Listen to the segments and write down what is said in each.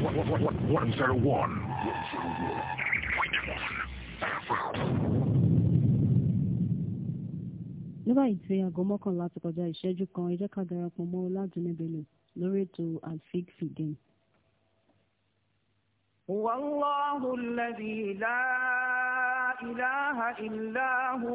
101. ní báyìí tí aago mọ́kànlá ti kọjá ìṣẹ́jú kan ẹ jẹ́ ká darapọ̀ mọ́ Ọládùnní Bello lórí ètò alfig fìdín. Wallahu alladhi la ilaha illa hu.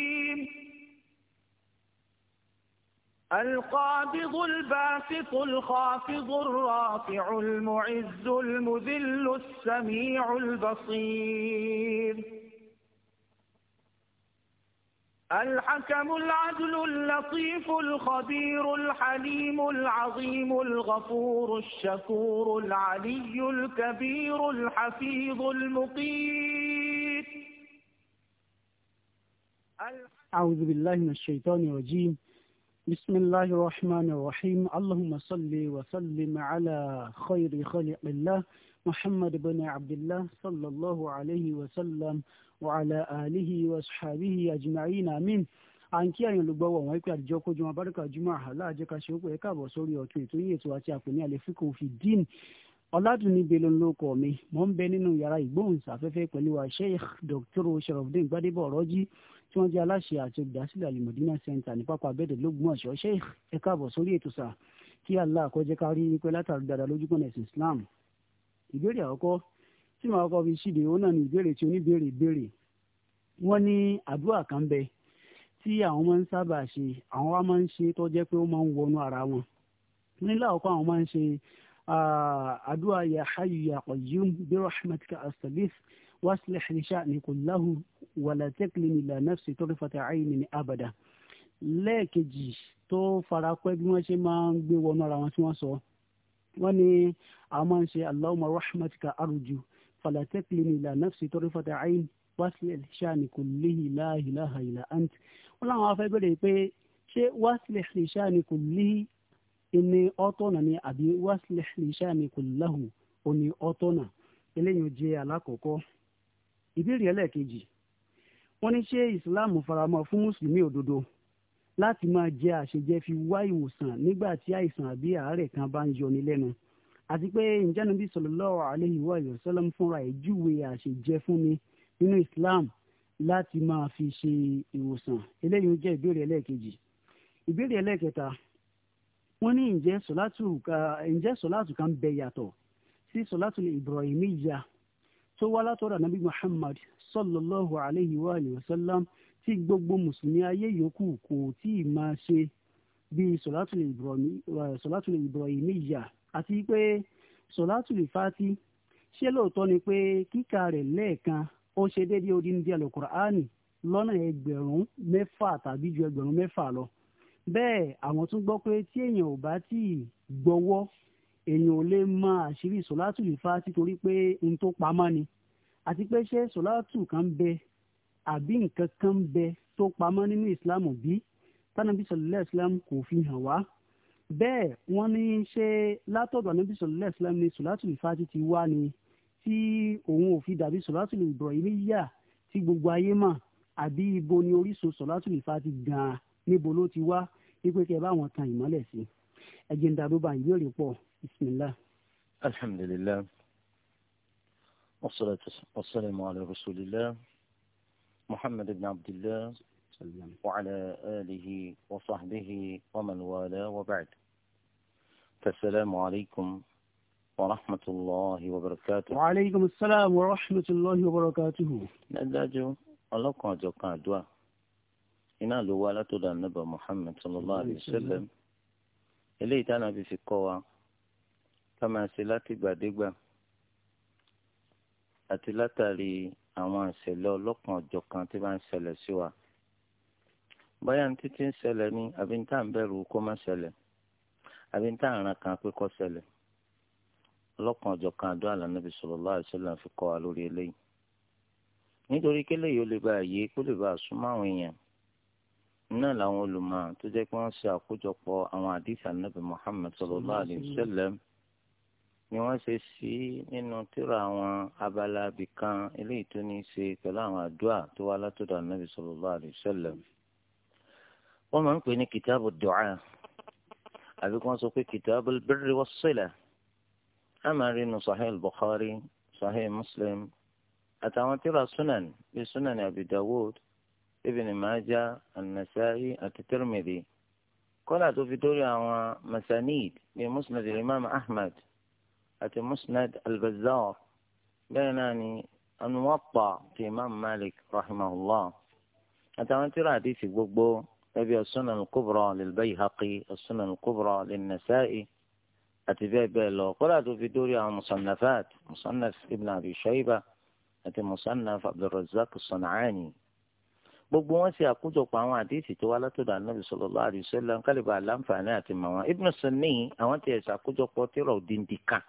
القابض الباسط الخافض الرافع المعز المذل السميع البصير الحكم العدل اللطيف الخبير الحليم العظيم الغفور الشكور العلي الكبير الحفيظ المقيت أعوذ بالله من الشيطان الرجيم بسم الله الرحمن الرحيم اللهم صل وسلم على خير خلق الله محمد بن عبد الله صلى الله عليه وسلم وعلى آله وصحبه أجمعين آمين à ń kí àyàn olùgbọ́wọ́ wọn pé àdìjọ kójú wọn bárúkà jùmọ̀ àhàlà àjẹká ṣe ó pé káàbọ̀ sórí ọ̀tún ètò yìí ètò àti àpò ní àlefíkò fi dín ọ̀làdùnní belo ló kọ mi mò ń bẹ nínú yàrá ìgbóhùnsáfẹ́fẹ́ pẹ̀lú wa dr sharafdin gbadebo ọ̀rọ̀jì tí wọ́n jẹ́ aláṣẹ àti olùdásílẹ̀ alimọ̀dínà center ní pápá abẹ́ẹ̀dẹ̀ lógúnmọ̀ṣọ́ ṣe é káàbọ̀ sórí ètò sáà kí Allah kó jẹ́ ká rí pé látàrí dáadáa lójúkọ̀nà ẹ̀sìn Islam ìbéèrè àkọ́kọ́ tí màá kọ́ fi ṣíde òun náà ní ìbéèrè tí oníbéèrè béèrè wọ́n ní àdúrà kan bẹ tí àwọn máa ń sábà ṣe àwọn wa máa ń ṣe tó jẹ́ pé ó máa ń wọnú ya hayyu ya qayyum bi rahmatika واصلح لشأني كله ولا تكلني إلى نفسي طرفة عين أبدا lẹ́ẹ̀kejì tó farapẹ́ bí wọ́n ṣe máa ń gbé wọnú ara wọn tí wọ́n sọ wọ́n ní àwọn máa ń ṣe allahumma rahmatika arju fala taklini ila nafsi tarfata ayn waslih shani kullihi la ilaha illa ant wọ́n láwọn afẹ́ bẹ̀rẹ̀ pé ṣé waslih shani kullihi ìní ọ̀tọ̀nà ni àbí waslih shani kullahu òní ọ̀tọ̀nà eléyìí ó jẹ́ alákọ̀ọ́kọ́ ìbéèrè ẹlẹ́ẹ̀kejì wọ́n ní ṣé ìsìláàmù faramọ́ fún mùsùlùmí òdodo láti máa jẹ àṣejẹ fi wá ìwòsàn nígbà tí àìsàn àbí àárẹ̀ kan bá ń yọni lẹ́nu àti pé ìjánabi sallallahu alaihi wa sallam fúnra ẹ̀ júwe àṣejẹ fún mi nínú islam láti máa fi ṣe ìwòsàn eléyìí jẹ́ ìbéèrè ẹlẹ́ẹ̀kejì ìbéèrè ẹlẹ́ẹ̀kẹta wọ́n ní ǹjẹ́ sọ̀látù kan bẹ yàtọ̀ sí sọ̀látù Ibrahimiyya tó wá látọ̀dọ̀ nabi muhammad sallallahu alayhi wa sallam tí gbogbo mùsùlùmí ayé yòókù kò tí ì máa ṣe bíi sọ̀látùlù ibrahimiyya àti pé sọ̀látùlù fati ṣé lóòótọ́ ni pé kíkà rẹ̀ lẹ́ẹ̀kan ó ṣe déédéé odindi alukur'ani lọ́nà ẹgbẹ̀rún mẹ́fà tàbí ju ẹgbẹ̀rún mẹ́fà lọ bẹ́ẹ̀ àwọn tún gbọ́ pé tí èèyàn ò bá tí ì gbọ́wọ́ èèyàn ò lè mọ àṣírí sọ̀látù lè fa títorí pé n tó pamọ́ ni àti pé ṣé sọ̀látù kan bẹ àbí nǹkan kan bẹ tó pamọ́ nínú ìsìlámù bí tánàbí sọ̀lẹ́lẹ́ ìsìlámù kò fi hàn wá bẹ́ẹ̀ wọ́n ní ṣé látọ̀dọ̀ ànábì sọ̀lẹ́lẹ́ ìsìlámù ni sọ̀látù lè fa ti ti wá ni tí òun ò fi dàbí sọ̀látù lè bọ̀rọ̀ ilé yíyà tí gbogbo ayé mọ̀ àbí ibo ni orísun sọ̀látù lè fa ti gan-an níbo ló ti wá wípé kí ẹ bá wọn tan ìmọ́lẹ̀ sí ẹ̀jẹ̀ ń darúgbà ìbéèrè pọ̀ بسم الله الحمد لله والصلاة والسلام على رسول الله محمد بن عبد الله وعلى آله وصحبه ومن والاه وبعد فالسلام عليكم ورحمة الله وبركاته وعليكم السلام ورحمة الله وبركاته نجاجو الله قاعد قاعد إنا ló wá látọ̀dọ̀ ànábà Muhammad sallallahu alayhi wa sallam eléyìí tá a ká máa ṣe láti gbàdégbà àti látàrí àwọn ìṣẹ̀lẹ̀ ọlọ́kan ọ̀jọ̀kan tí wọ́n ń ṣẹlẹ̀ sí wa bóyá ní títí ń ṣẹlẹ̀ ní àbí ní tá à ń bẹ̀rù kó má ṣẹlẹ̀ àbí ní tá à ń ran kan pé kó ṣẹlẹ̀ ọlọ́kan ọ̀jọ̀kan àdó àlànàbì sallallahu alaihi wasallam fi kọ́ wa lórí eléyìí nítorí kí eléyìí ó lè bá yé kó lè bá súnmọ́ àwọn èèyàn náà làwọn olùmọ̀ tó jẹ́ pé wọ́n ṣe àkójọpọ̀ àwọn àdìsí ànábì Muhammad sallallahu alaihi wasallam ni wọ́n ṣe sí nínú tírà àwọn abala abìkan eléyìí tó ní í ṣe pẹ̀lú àwọn àdúrà tó wá látọ̀dọ̀ ànábì sallallahu alaihi wasallam. wọ́n máa ń pè ní kìtàbù du'a àbí kí wọ́n sọ pé kìtàbù birri was-sila á máa rí inú sahih bukhari sahih muslim àtàwọn tírà sunan bíi sunan abi dawud ibn maja an àti tirmidhi kọ́lá tó fi dórí àwọn masanid bíi musnad imam ahmad مسند البزار بيان أن وطى في إمام مالك رحمه الله أتمنى حديث بوبو أبي السنة الكبرى للبيهقي السنة الكبرى للنسائي أتبي قرأت في دوري المصنفات مصنف ابن أبي شيبة أتي مصنف عبد الرزاق الصنعاني بوبو وسي أقوده قام حديثي توالت دع النبي صلى الله عليه وسلم قال بعلم فأنا أتي ابن السني أوانتي أقوده قوتي رو دين ديكا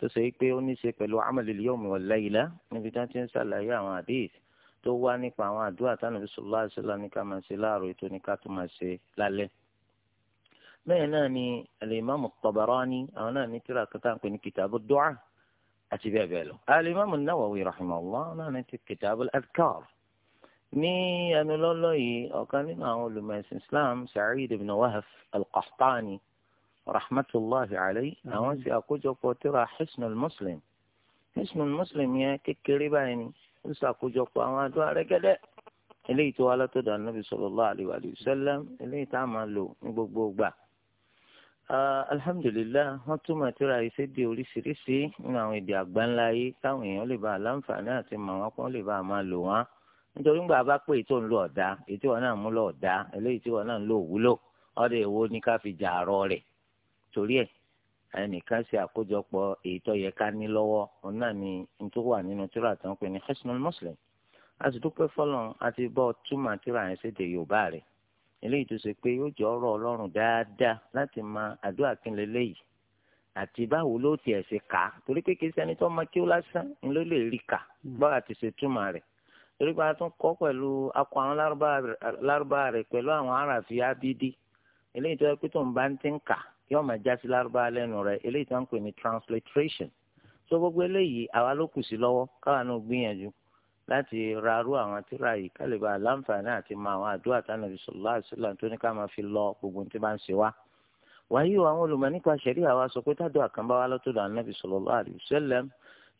tó ṣe pé ó ní ṣe pẹ̀lú amalil yawmi wal layla níbi tí wọ́n ti ń ṣàlàyé àwọn hadith tó wá nípa àwọn àdúrà tánàbí sallallahu alaihi wasallam ní ká máa ṣe láàárọ̀ ètò ní ká tó máa ṣe lálẹ́. bẹ́ẹ̀ náà ni al-imam at-Tabarani àwọn náà ní tírà kan tá à ń pè ní kitabu du'a àti bẹ́ẹ̀ bẹ́ẹ̀ lọ. al-imam an-Nawawi rahimahullah náà ní kitabu al-adhkar. ní ẹnu lọ́lọ́ yìí ọ̀kan nínú àwọn olùmọ̀ ẹ̀sìn Islam Sa'id ibn Wahb al-Qahtani rahmatulahi alayhi àwọn ṣe àkójọpọ̀ tíra hisnul muslim hisnul muslim yẹn kékeré báyìí ni ó ṣàkójọpọ̀ àwọn àdúà rẹ́gẹ́dẹ́ eléyìí tó wá látọ̀dọ̀ anábì sallallahu alayhi wa sallam eléyìí tá a máa lò ní gbogbo gbà. alhamdulilah wọ́n túmọ̀ tíra iṣẹ́ di oríṣiríṣi nínú àwọn èdè àgbáńlá yìí táwọn èèyàn lè bá aláǹfààní àti màwọn kan lè bá a máa lò wọ́n. nítorí gbà bá pé ètò ń lo ọ̀dà ètò wọn náà mú lọ ọ̀dà eléyìí tí wọn náà ń lo òwúlò ọ̀dà èwo ni ká fi jà àárọ̀ rẹ̀ torí ẹ̀ ẹnìkan ṣe àkójọpọ̀ èyí tó yẹ ká ní lọ́wọ́ òun náà ni tó wà nínú tíra tó ń pè ní Hisnul Muslim a sì dúpẹ́ fọlọ́n àti bọ́ túmọ̀ tíra yẹn ṣèdè Yorùbá rẹ̀ eléyìí tó ṣe pé yóò jọ ọ̀rọ̀ Ọlọ́run dáadáa láti mọ àdúrà kí n àti báwo ló tiẹ̀ ṣe kà á torí pé kìí ṣẹni tó mọ kí ó lásán ni ló lè rí kà gbọ́ hmm. àti ṣe túmọ̀ rẹ̀ torí pé a tún kọ́ pẹ̀lú akọ àwọn lárúbá rẹ̀ pẹ̀lú àwọn aráàfin abidi eléyìí tó yẹ pé tó ń bá ń ti ń kà á yóò máa já sí lárúbáwá lẹ́nu rẹ̀ eléyìí tó ń pè ní transliteration so gbogbo eléyìí àwa ló kù sí lọ́wọ́ káwa náà gbìyànjú láti ra arú àwọn tíra yìí ká lè bá láǹfààní àti mọ àwọn àdúrà tí Ànábì sallallahu alaihi wasallam tó ní ká máa fi lọ gbogbo tí bá ń ṣe wá. wàyí o àwọn olùmọ̀ nípa ṣẹ̀rí àwa sọ pé tádùn àkànbá wa lọ́tọ̀dọ̀ Ànábì sallallahu alaihi wasallam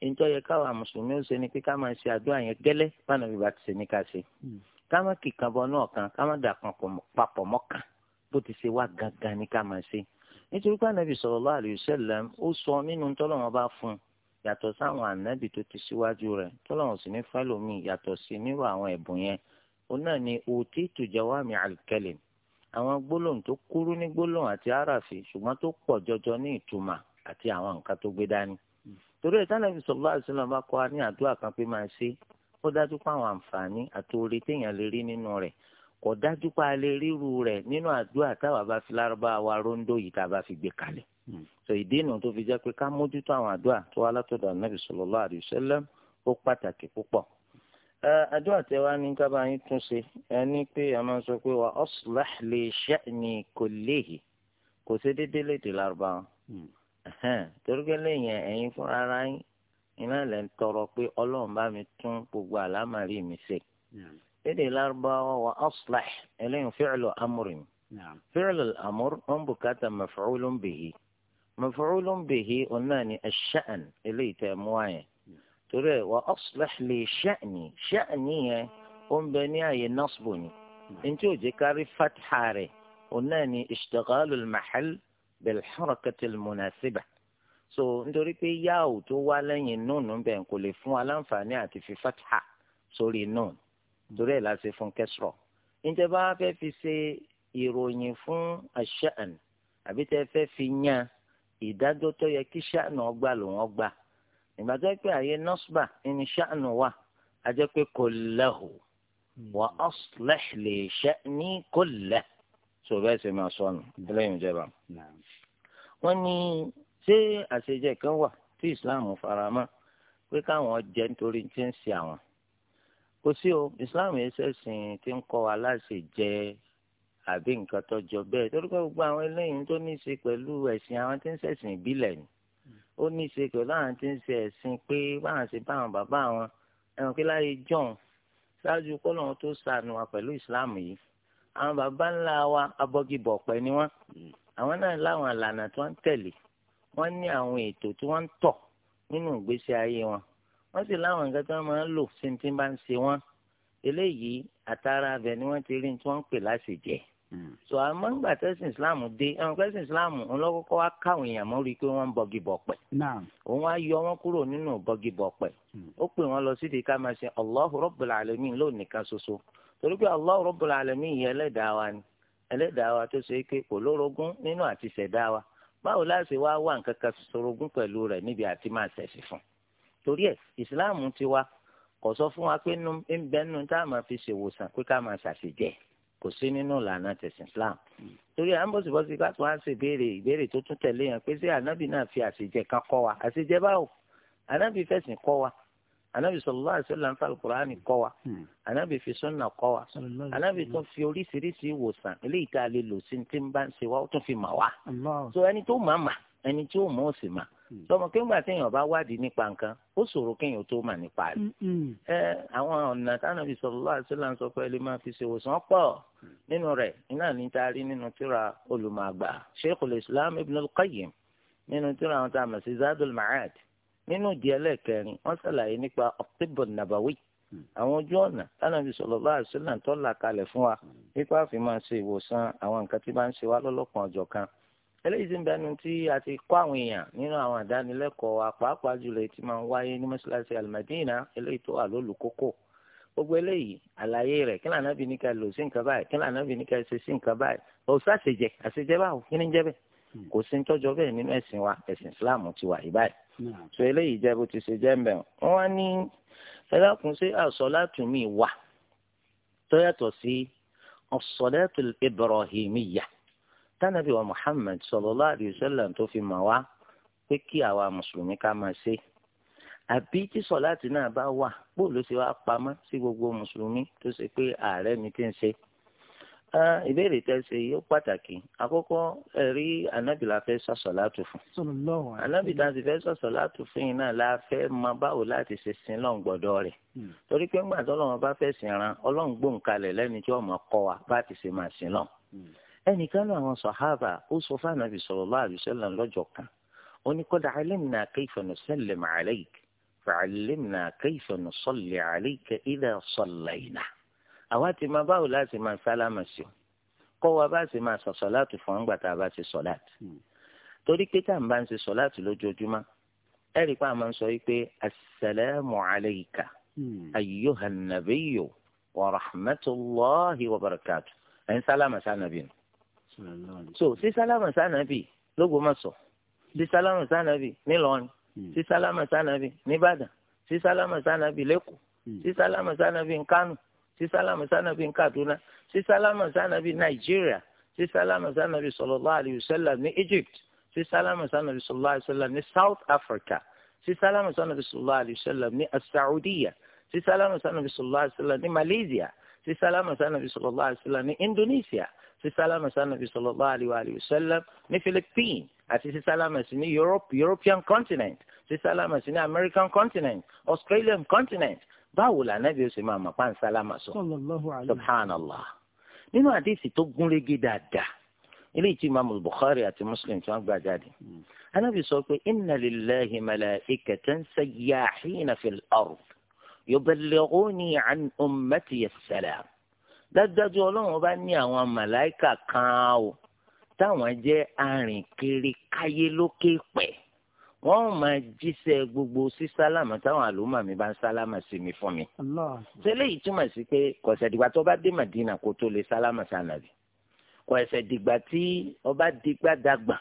níjọ́ yẹ káwa mùsùlùmí ó ṣe ni pé ká máa ṣe àdúrà yẹn gẹ́lẹ́ bánabi bá ti ṣe ní ká ṣe. Hmm. ká má kìkan bọ náà kan ká má dà papọ̀ mọ́kàn bó ti ṣe wá gangan ní ká máa ṣe nítorí pé ànábì sallallahu alayhi wa sallam ó sọ nínú tọ́lọ́wọ́n bá fún un yàtọ̀ sáwọn ànábì tó ti síwájú rẹ̀ tọ́lọ́wọ́n sì ní fálómi yàtọ̀ sí nírú àwọn ẹ̀bùn yẹn òun náà ni òtí tùjọ́wámi al-kalim àwọn gbólóhùn tó kúrú ní gbólóhùn àti àràfi ṣùgbọ́n tó pọ̀ jọjọ ní ìtumà àti àwọn nǹkan tó gbé dání. torí ẹ̀ tánàbì sallallahu alayhi wa kò dájú pa lè ríru rẹ̀ nínú àdúrà táwa bá fi lárúbá wa róńdó yìí tá a bá fi gbé kalẹ̀. Hmm. sọ ìdí nu tó fi jẹ́ pé ká mójútó àwọn àdúrà tó wá látọ̀dọ̀ nàbì sallallahu alaihi wasallam ó pàtàkì púpọ̀. àdúrà tẹ wá ní kábàá yín tún ṣe ẹ ní pé a máa sọ pé wa aslih li sha'ni kullihi kò sí déédéé lédè lárúbá wọn. Hmm. torí pé ẹ̀yin fúnra ara yín iná إلي الأربعة وأصلح إلي فعل أمر نعم. فعل الأمر هم بكات مفعول به مفعول به أناني الشأن إلي تأمواي ترى وأصلح لي شأني شأني أم بنياي نصبني نعم. انتو جكاري فتحاري أناني اشتغال المحل بالحركة المناسبة so انتو pé yahoo tó wá lẹ́yìn nùnú bẹ́ẹ̀ kò lè fún aláǹfààní àti fi torí ẹ̀ la ṣe fún kẹsìrọ̀ níjẹ́ bá fẹ́ fi ṣe ìròyìn fún aṣáàn àbí tẹ́ fẹ́ fi yan ìdájọ́ tó yẹ kí ṣáàn ọgbà lòun ọgbà ìgbà tó yẹ pé àyè nọ́sùbà ní ṣáàn wà á jẹ́ pé kò lẹ́hù wà aslih li sha'ni kullah tó bẹ́ẹ̀ ṣe máa sọnù lẹ́yìn ìjọba. wọ́n ní ṣé àṣejẹ kan wà tí ìsìláàmù faramọ́ pé káwọn jẹ́ nítorí tí ń ṣe àwọn kò sí o islam ẹsẹ̀sìn tí ń kọ́ wa láṣẹ jẹ àbí nǹkan tó jọ bẹ́ẹ̀ torí pé gbogbo àwọn eléyìí tó ní í ṣe pẹ̀lú ẹ̀sìn àwọn tí ń ṣẹ̀sìn ìbílẹ̀ ni ó ní í ṣe pẹ̀lú àwọn tí ń ṣe ẹ̀sìn pé báwọn ṣe bá àwọn bàbá àwọn ẹ̀wọ̀n kí láyé john ṣáájú kọ́lọ́hún tó ṣàánú wa pẹ̀lú islam yìí àwọn bàbá ńlá wa abọ́gibọ̀pẹ̀ ni wọ́n àwọn náà láwọn àlànà tí wọ́n ń tẹ̀lé wọ́n ní àwọn ètò tí wọ́n ń tọ̀ nínú ìgbésí ayé wọn wọ́n sì láwọn nǹkan tí wọ́n máa ń lò sí ti bá ń ṣe wọ́n eléyìí àtàrà abẹ ni wọ́n ti rí tí wọ́n ń pè láṣejẹ hmm. so àmọ́ ńgbà tẹ́sìn islam dé ẹ̀wọ̀n tẹ́sìn islam ńlọ́kọ́kọ́ wá káwọn èèyàn mọ́ rí i pé wọ́n ń bọgi bọ̀pẹ̀ òun á yọ wọ́n kúrò nínú bọgi bọ̀pẹ̀ hmm. ó pè wọ́n lọ sídìí ká máa ṣe Allahu Rabbul Alamin lónìí kan ṣoṣo torí pé Allahu Rabbul Alamin yìí ẹlẹ́dàá wa ni ẹlẹ́dàá wa tó ṣe é pé kò lórogún nínú àti ṣẹ̀dá wa báwo láti wá wà torí ẹ̀ ìsìláàmù ti wa kò sọ fún wa pé ń bẹ nínú tá a máa fi ṣèwòsàn pé ká máa ṣàṣejẹ kò sí nínú ìlànà tẹ̀sìn Islam hmm. torí à ń bọ̀ síbọ̀ sí láti wá ṣe ìbéèrè ìbéèrè tó tún tẹ̀lé yẹn pé ṣé ànábì náà fi àṣejẹ kan kọ́ wa àṣejẹ báwo ànábì fẹ̀sìn kọ́ wa ànábì sallallahu alaihi wasallam ń fa Al-Qur'ani kọ́ wa hmm. ànábì fi sunna kọ́ wa ànábì tún fi oríṣiríṣi ìwòsàn eléyìí tá a lè lò sí ti ń bá ń ṣe wa ó tún fi mà wá so ẹni tó mà mà ẹni tí ó mọ̀ ọ́ sì mà tọmọ hmm. kéńgbà téèyàn bá wádìí nípa nǹkan ó ṣòro kéèyàn tó mà nípa rẹ̀ hmm, hmm. ẹ àwọn ọ̀nà tánàbí sallallahu alaihi wasallam sọ pé lè máa fi ṣe òsàn pọ̀ nínú rẹ̀ iná ní ta rí nínú tíra olùmọ̀àgbà Sheikhul Islam Ibn al-Qayyim nínú tíra àwọn tá a mọ̀ sí Zadul Ma'ad nínú díẹ̀lẹ̀ kẹrin wọ́n ṣàlàyé nípa ọ̀pẹ̀bọ̀ nàbàwí àwọn ojú ọ̀nà tánàbí sallallahu alaihi wasallam tó là kalẹ̀ fún wa nípa àfi máa ṣe ìwòsàn àwọn nǹkan tí bá ń ṣe wá lọ́lọ́kan ọjọ́ kan eléyìí ti ń bẹnu tí a ti kọ́ àwọn èèyàn nínú àwọn àdánilẹ́kọ̀ọ́ àpapọ̀ jùlọ tí máa ń wáyé ní mọ́ṣáláṣí alimadina eléyìí tó wà lólùkókò gbogbo eléyìí àlàyé rẹ̀ kí lànà bí ní ká lò sí nǹkan báyìí kí lànà bí ní ká ṣe sí nǹkan báyìí òṣù àṣejẹ àṣejẹ báwo kí ni jẹ́ bẹ́ẹ̀ hmm. kò sí nítọ́jọ́ bẹ́ẹ̀ nínú ẹ̀sìn wa ẹ̀sìn islam ti wà yìí báyìí hmm. so eléyìí jẹ́ bó ti ṣe jẹ́ ń bẹ̀ wá ní ẹlẹ́kùn sí àsọ̀látù wà tó yàtọ̀ sí ọ̀sọ̀látù ibrahimiyya tánàbí wa Muhammad sallallahu alaihi wasallam tó fi mọ̀ wá pé kí àwa mùsùlùmí ká máa ṣe àbí tí sọláàtì náà bá wà bó ló ṣe wá pamọ́ sí gbogbo mùsùlùmí tó ṣe pé ààrẹ mi ti ń ṣe ìbéèrè tẹ́ ṣe yóò pàtàkì àkọ́kọ́ ẹ̀rí anábì la fẹ́ sọ̀sọ̀ láti fún anábì tá a ti fẹ́ sọ̀sọ̀ láti fún yìí náà la fẹ́ mọ báwo láti ṣe sin lọ́n gbọ́dọ̀ rẹ̀ hmm. torí pé ńgbà tó lọ́wọ́ bá fẹ́ sìn ran ọlọ́run gbòǹkalẹ̀ lẹ́ni tí ọmọ kọ́ wa bá ti ṣe máa sin lọ́n. Hmm ẹnìkan náà àwọn sọ̀hábà ó sọ fún ànábì sallallahu alaihi wasallam lọ́jọ́ kan ó ní qad alimna kayfa nusallimu alayka fa'allimna kayfa nusalli alayka idha sallayna àwa ti máa báwo láti máa sálámà sí o kọ́ wa bá sì máa sọ sọ́láàtì fún àgbà tá a bá ṣe sọ́láàtì hmm. torí pé tá à ń bá ń ṣe sọ́láàtì lójoojúmọ́ ẹ rí i pé a hmm. ń sálámà sá nàbí nù so sí sálámà sànàbì lÓgbómọ̀ṣọ́ sí sálámà sànàbì nílọrin sí sálámà sànàbì nìbàdàn sí sálámà sànàbì lẹ́kọ̀ọ́ sí sálámà sànàbì nkánù sí sálámà sànàbì nkàdúná sí sálámà sànàbì nàìjíríà sí sálámà sànàbì sallallahu alayhi wa sallam ní Egypt sí sálámà sànàbì sallallahu alayhi wa sallam ní South Africa sí sálámà sànàbì sallallahu alayhi wa sallam ní asaudiya sí sálámà sànàbì sallallahu alayhi wa sallam ní Malaysia sí sálámà sànàbì sallallahu alayhi wa sallam ní Indonesia sí sálámà sí ànábì sallallahu alaihi wa sallam ní Philippines àti sí sálámà sí ní Europe European continent sí sálámà sí ní American continent Australian continent báwo la ànábì ó sì máa mọ̀ pàǹ sálámà sọ subhanallah nínú àdéhìsì tó gúnrégé dáadáa ilé ìtì imaamu Bukhari àti Muslim tí wọ́n gbà jáde hmm. ànábì sọ pé inna lillahi malaikatan sayyahina fil ard yuballighuni an ummati as-salam dájúdájú ọlọ́run ọba ní àwọn màláìkà kan o táwọn jẹ́ arìnkiri káyé lókè pẹ̀ wọ́n máa jíṣẹ́ gbogbo sí sálámà táwọn àlùmọ̀ mi bá ń sálámà sí mi fún mi. tẹ́lẹ̀ yìí túmọ̀ sí pé kọ̀sẹ̀ dìgbà tó bá dé Màdínà kó tó lè sálámà sànàbì kọ̀sẹ̀ dìgbà tí ọba dìgbà dàgbà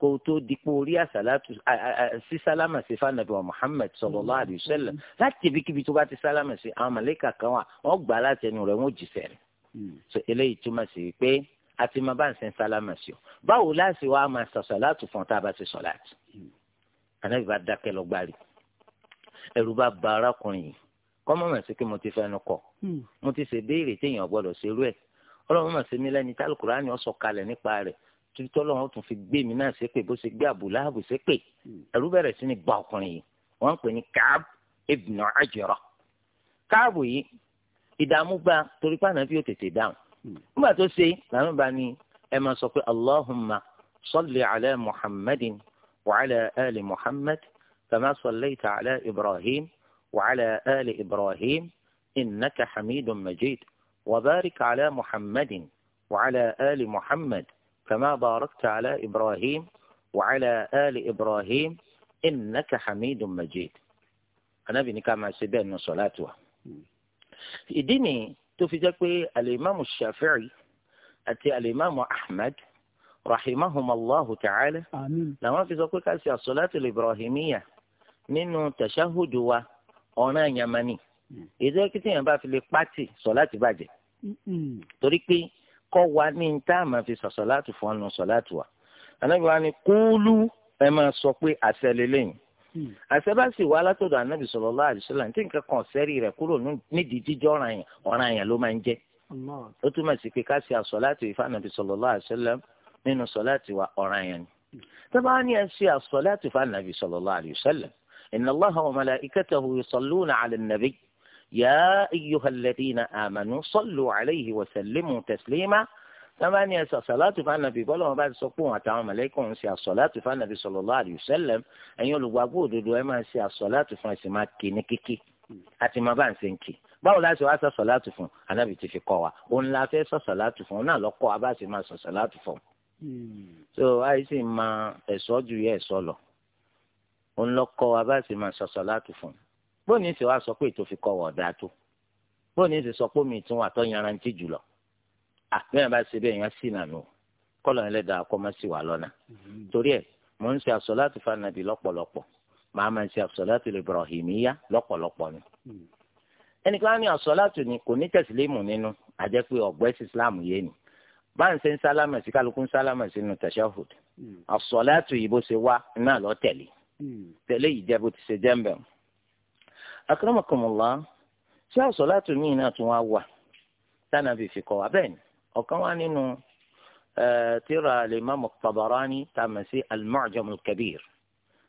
kó o tó dipò orí àsàlátù sí sálámà sí fanabi wa muhammed sallallahu alayhi wa sallam mm. láti ibikíbi tó bá ti sálámà sí àwọn kan wà wọ́n gbà láti ẹnu rẹ̀ wọ́n jìṣẹ́ rẹ̀ mm. so eléyìí túmọ̀ sí pé a ti máa bá ń sẹ́n sálámà sí o báwo láti wá máa sọ̀sọ̀ fún tá bá ti sọ̀ láti mm. bá dákẹ́ lọ gbárí ẹ̀rù bá ba arákùnrin yìí kọ́mọ̀mọ̀ sí pé mo ti fẹnu kọ̀ mo ti ṣèbéèrè téèyàn gbọ́dọ̀ ṣerú ẹ̀ ọlọ́run mọ̀ sí mi lẹ́ni tálùkùránì ó sọ̀kalẹ̀ nípa rẹ̀ títí tọ́lọ́run ó tún fi gbé mi náà ṣépè bó ṣe gbé Abu Lahab ṣépè ẹ̀rú bẹ̀rẹ̀ sí ni ba ọkùnrin yìí wọ́n ń pè ní Ka'b ebìnà àjọrọ̀ Ka'b yìí ìdààmú gba torí pàànà bí ó tètè dáhùn nígbà tó ṣe làwọn bá ní ẹ máa sọ pé aláhùnmá sọlẹ alẹ Muhammadin wa ala ali Muhammad kama sallaita ala Ibrahim wa ala ali Ibrahim ìnàkà hamidun majid wa barik ala Muhammadin wa ala ali Muhammad. كما باركت على إبراهيم وعلى آل إبراهيم إنك حميد مجيد النبي نكام سيدنا صلاته في ديني تفجأك الإمام الشافعي أتي الإمام أحمد رحمهم الله تعالى لما في ذلك الصلاة الإبراهيمية من تشهد و أنا يمني إذا كنت ينبع في الإقباتي صلاة بعد تريكي kọ́ wa ní tá a máa fi sọ sọ̀láàtù fún ọ̀nà sọ̀láàtù wa ànábì wa ni kúlú ẹ máa sọ pé àṣẹ lélẹ́yìn hmm. àṣẹ bá sì wá látọ̀dọ̀ ànábì sallallahu alaihi wasallam tí nǹkan kan sẹ́rí rẹ̀ kúrò nídìí jíjọ́ ọ̀ràn yẹn ló máa ń jẹ́ ó túmọ̀ sí pé ká ṣe àsọ̀láàtù ìfà ànábì sallallahu alaihi wasallam nínú sọ̀láàtù wa ọ̀ràn yẹn ni tọ́ba ẹ ṣe àsọ̀láàtù ìfà ànábì sallallahu alaihi wasallam inna Allaha wa malaikatahu yá iyuhalẹ̀dì iná àmànú sọ́lù àlẹ́yìí wọ̀sẹ̀lẹ́mù tẹ̀sílẹ́mà tábà ní ẹsẹ̀ sọ̀láàtù fànàbí bọ́lá wọn bá ti sọ pé òun àtàwọn mọ̀lẹ́kùn ń ṣe àsọ̀láàtù fànàbí sallallahu alaihi wasallam ẹ̀yin olùgbàgbọ́ òdodo ẹ̀ máa ṣe àsọ̀láàtù fún ẹ̀sìn máa ké ní kéké àti máa bá ń ṣe ń ké báwo láti wá sọ̀sọ̀láàtù fún anábì ti fi kọ́ wa òun la fẹ́ sọ̀sọ̀láàtù fún òun náà lọ́kọ́ wa bá sì máa sọ̀sọ̀láàtù fún un. so àyè sì máa ẹ̀sọ́ ju yẹ ẹ̀sọ́ lọ òun lọ́kọ́ wa bá sì máa sọ̀sọ̀láàtù fún un bóun ní sì wá sọ pé ètò fi kọ́ wọ̀ dáa tó bóun ní sì sọ pé omi ìtún àtọ́ yanrantí jùlọ àbẹ́rẹ́ bá ṣe bẹ́ẹ̀ yẹn sí nànú kọ́lọ̀ ẹlẹ́dàá kọ́ má sì wà lọ́nà mm-hmm. torí ẹ̀ mò ń ṣe àsọ̀láàtì fanabi lọ́pọ̀lọpọ̀ màá máa ṣe àsọ̀láàtì Ibrahimiyya lọ́pọ̀lọpọ̀ ni mm-hmm. ẹnìkan á ní àsọ̀láàtì ni kò ní tẹ̀sílẹ́mù nínú àjẹpé ọ̀gbẹ́sì Islam yé ni báà ń ṣe ń sálámà sí kálukú ń sálámà sínú tashahhud mm-hmm. àsọ̀láàtì yìí bó ṣe wá náà lọ tẹ̀lé tẹ̀lé ìjẹ́ ti ṣe jẹ́ ń bẹ̀rù akramakumullah ṣé àsọ̀látù míì náà tún wá wà tánàbì fi kọ́ wa bẹ́ẹ̀ ni ọ̀kan wá nínú tíra al-imam at-Tabarani tá a mọ̀ sí al-Mu'jam al-Kabir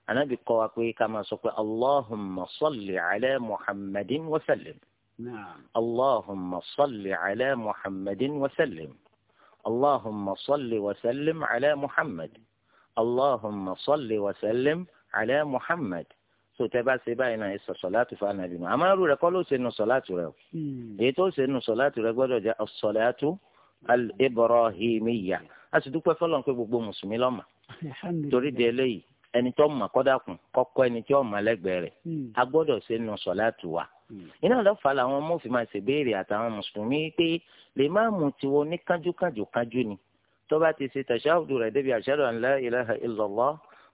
anabi kọ́ wa pé ká máa sọ pé allahumma salli ala muhammadin wa sallim allahumma salli ala muhammadin wa sallim allahumma salli wa sallim ala muhammad allahumma salli wa sallim ala muhammad so tẹ bá ṣe báyìí náà sọ sọláàtù fún anabi mọ àmọ́ irú rẹ̀ kọ́ ló ṣe nu sọláàtù rẹ̀ o hmm. èyí tó ṣe nu sọláàtù rẹ̀ gbọ́dọ̀ jẹ́ sọláàtù ibrahimiya a sì dúpẹ́ fọlọ́n pé gbogbo mùsùlùmí lọ́mà torí de eléyìí ẹni tó mọ̀ kọ́dàkùn kọ́kọ́ ẹni tí ó mọ̀ lẹ́gbẹ̀ẹ́ rẹ̀ hmm. a gbọ́dọ̀ ṣe nu sọláàtù wa hmm. iná ló fà làwọn ọmọ òfin máa ṣèbéèrè àtàwọn mùsùlùmí pé lè má mú tiwọn ní kánjúkánjú kánjú ni tó bá ti ṣe tàṣáàdù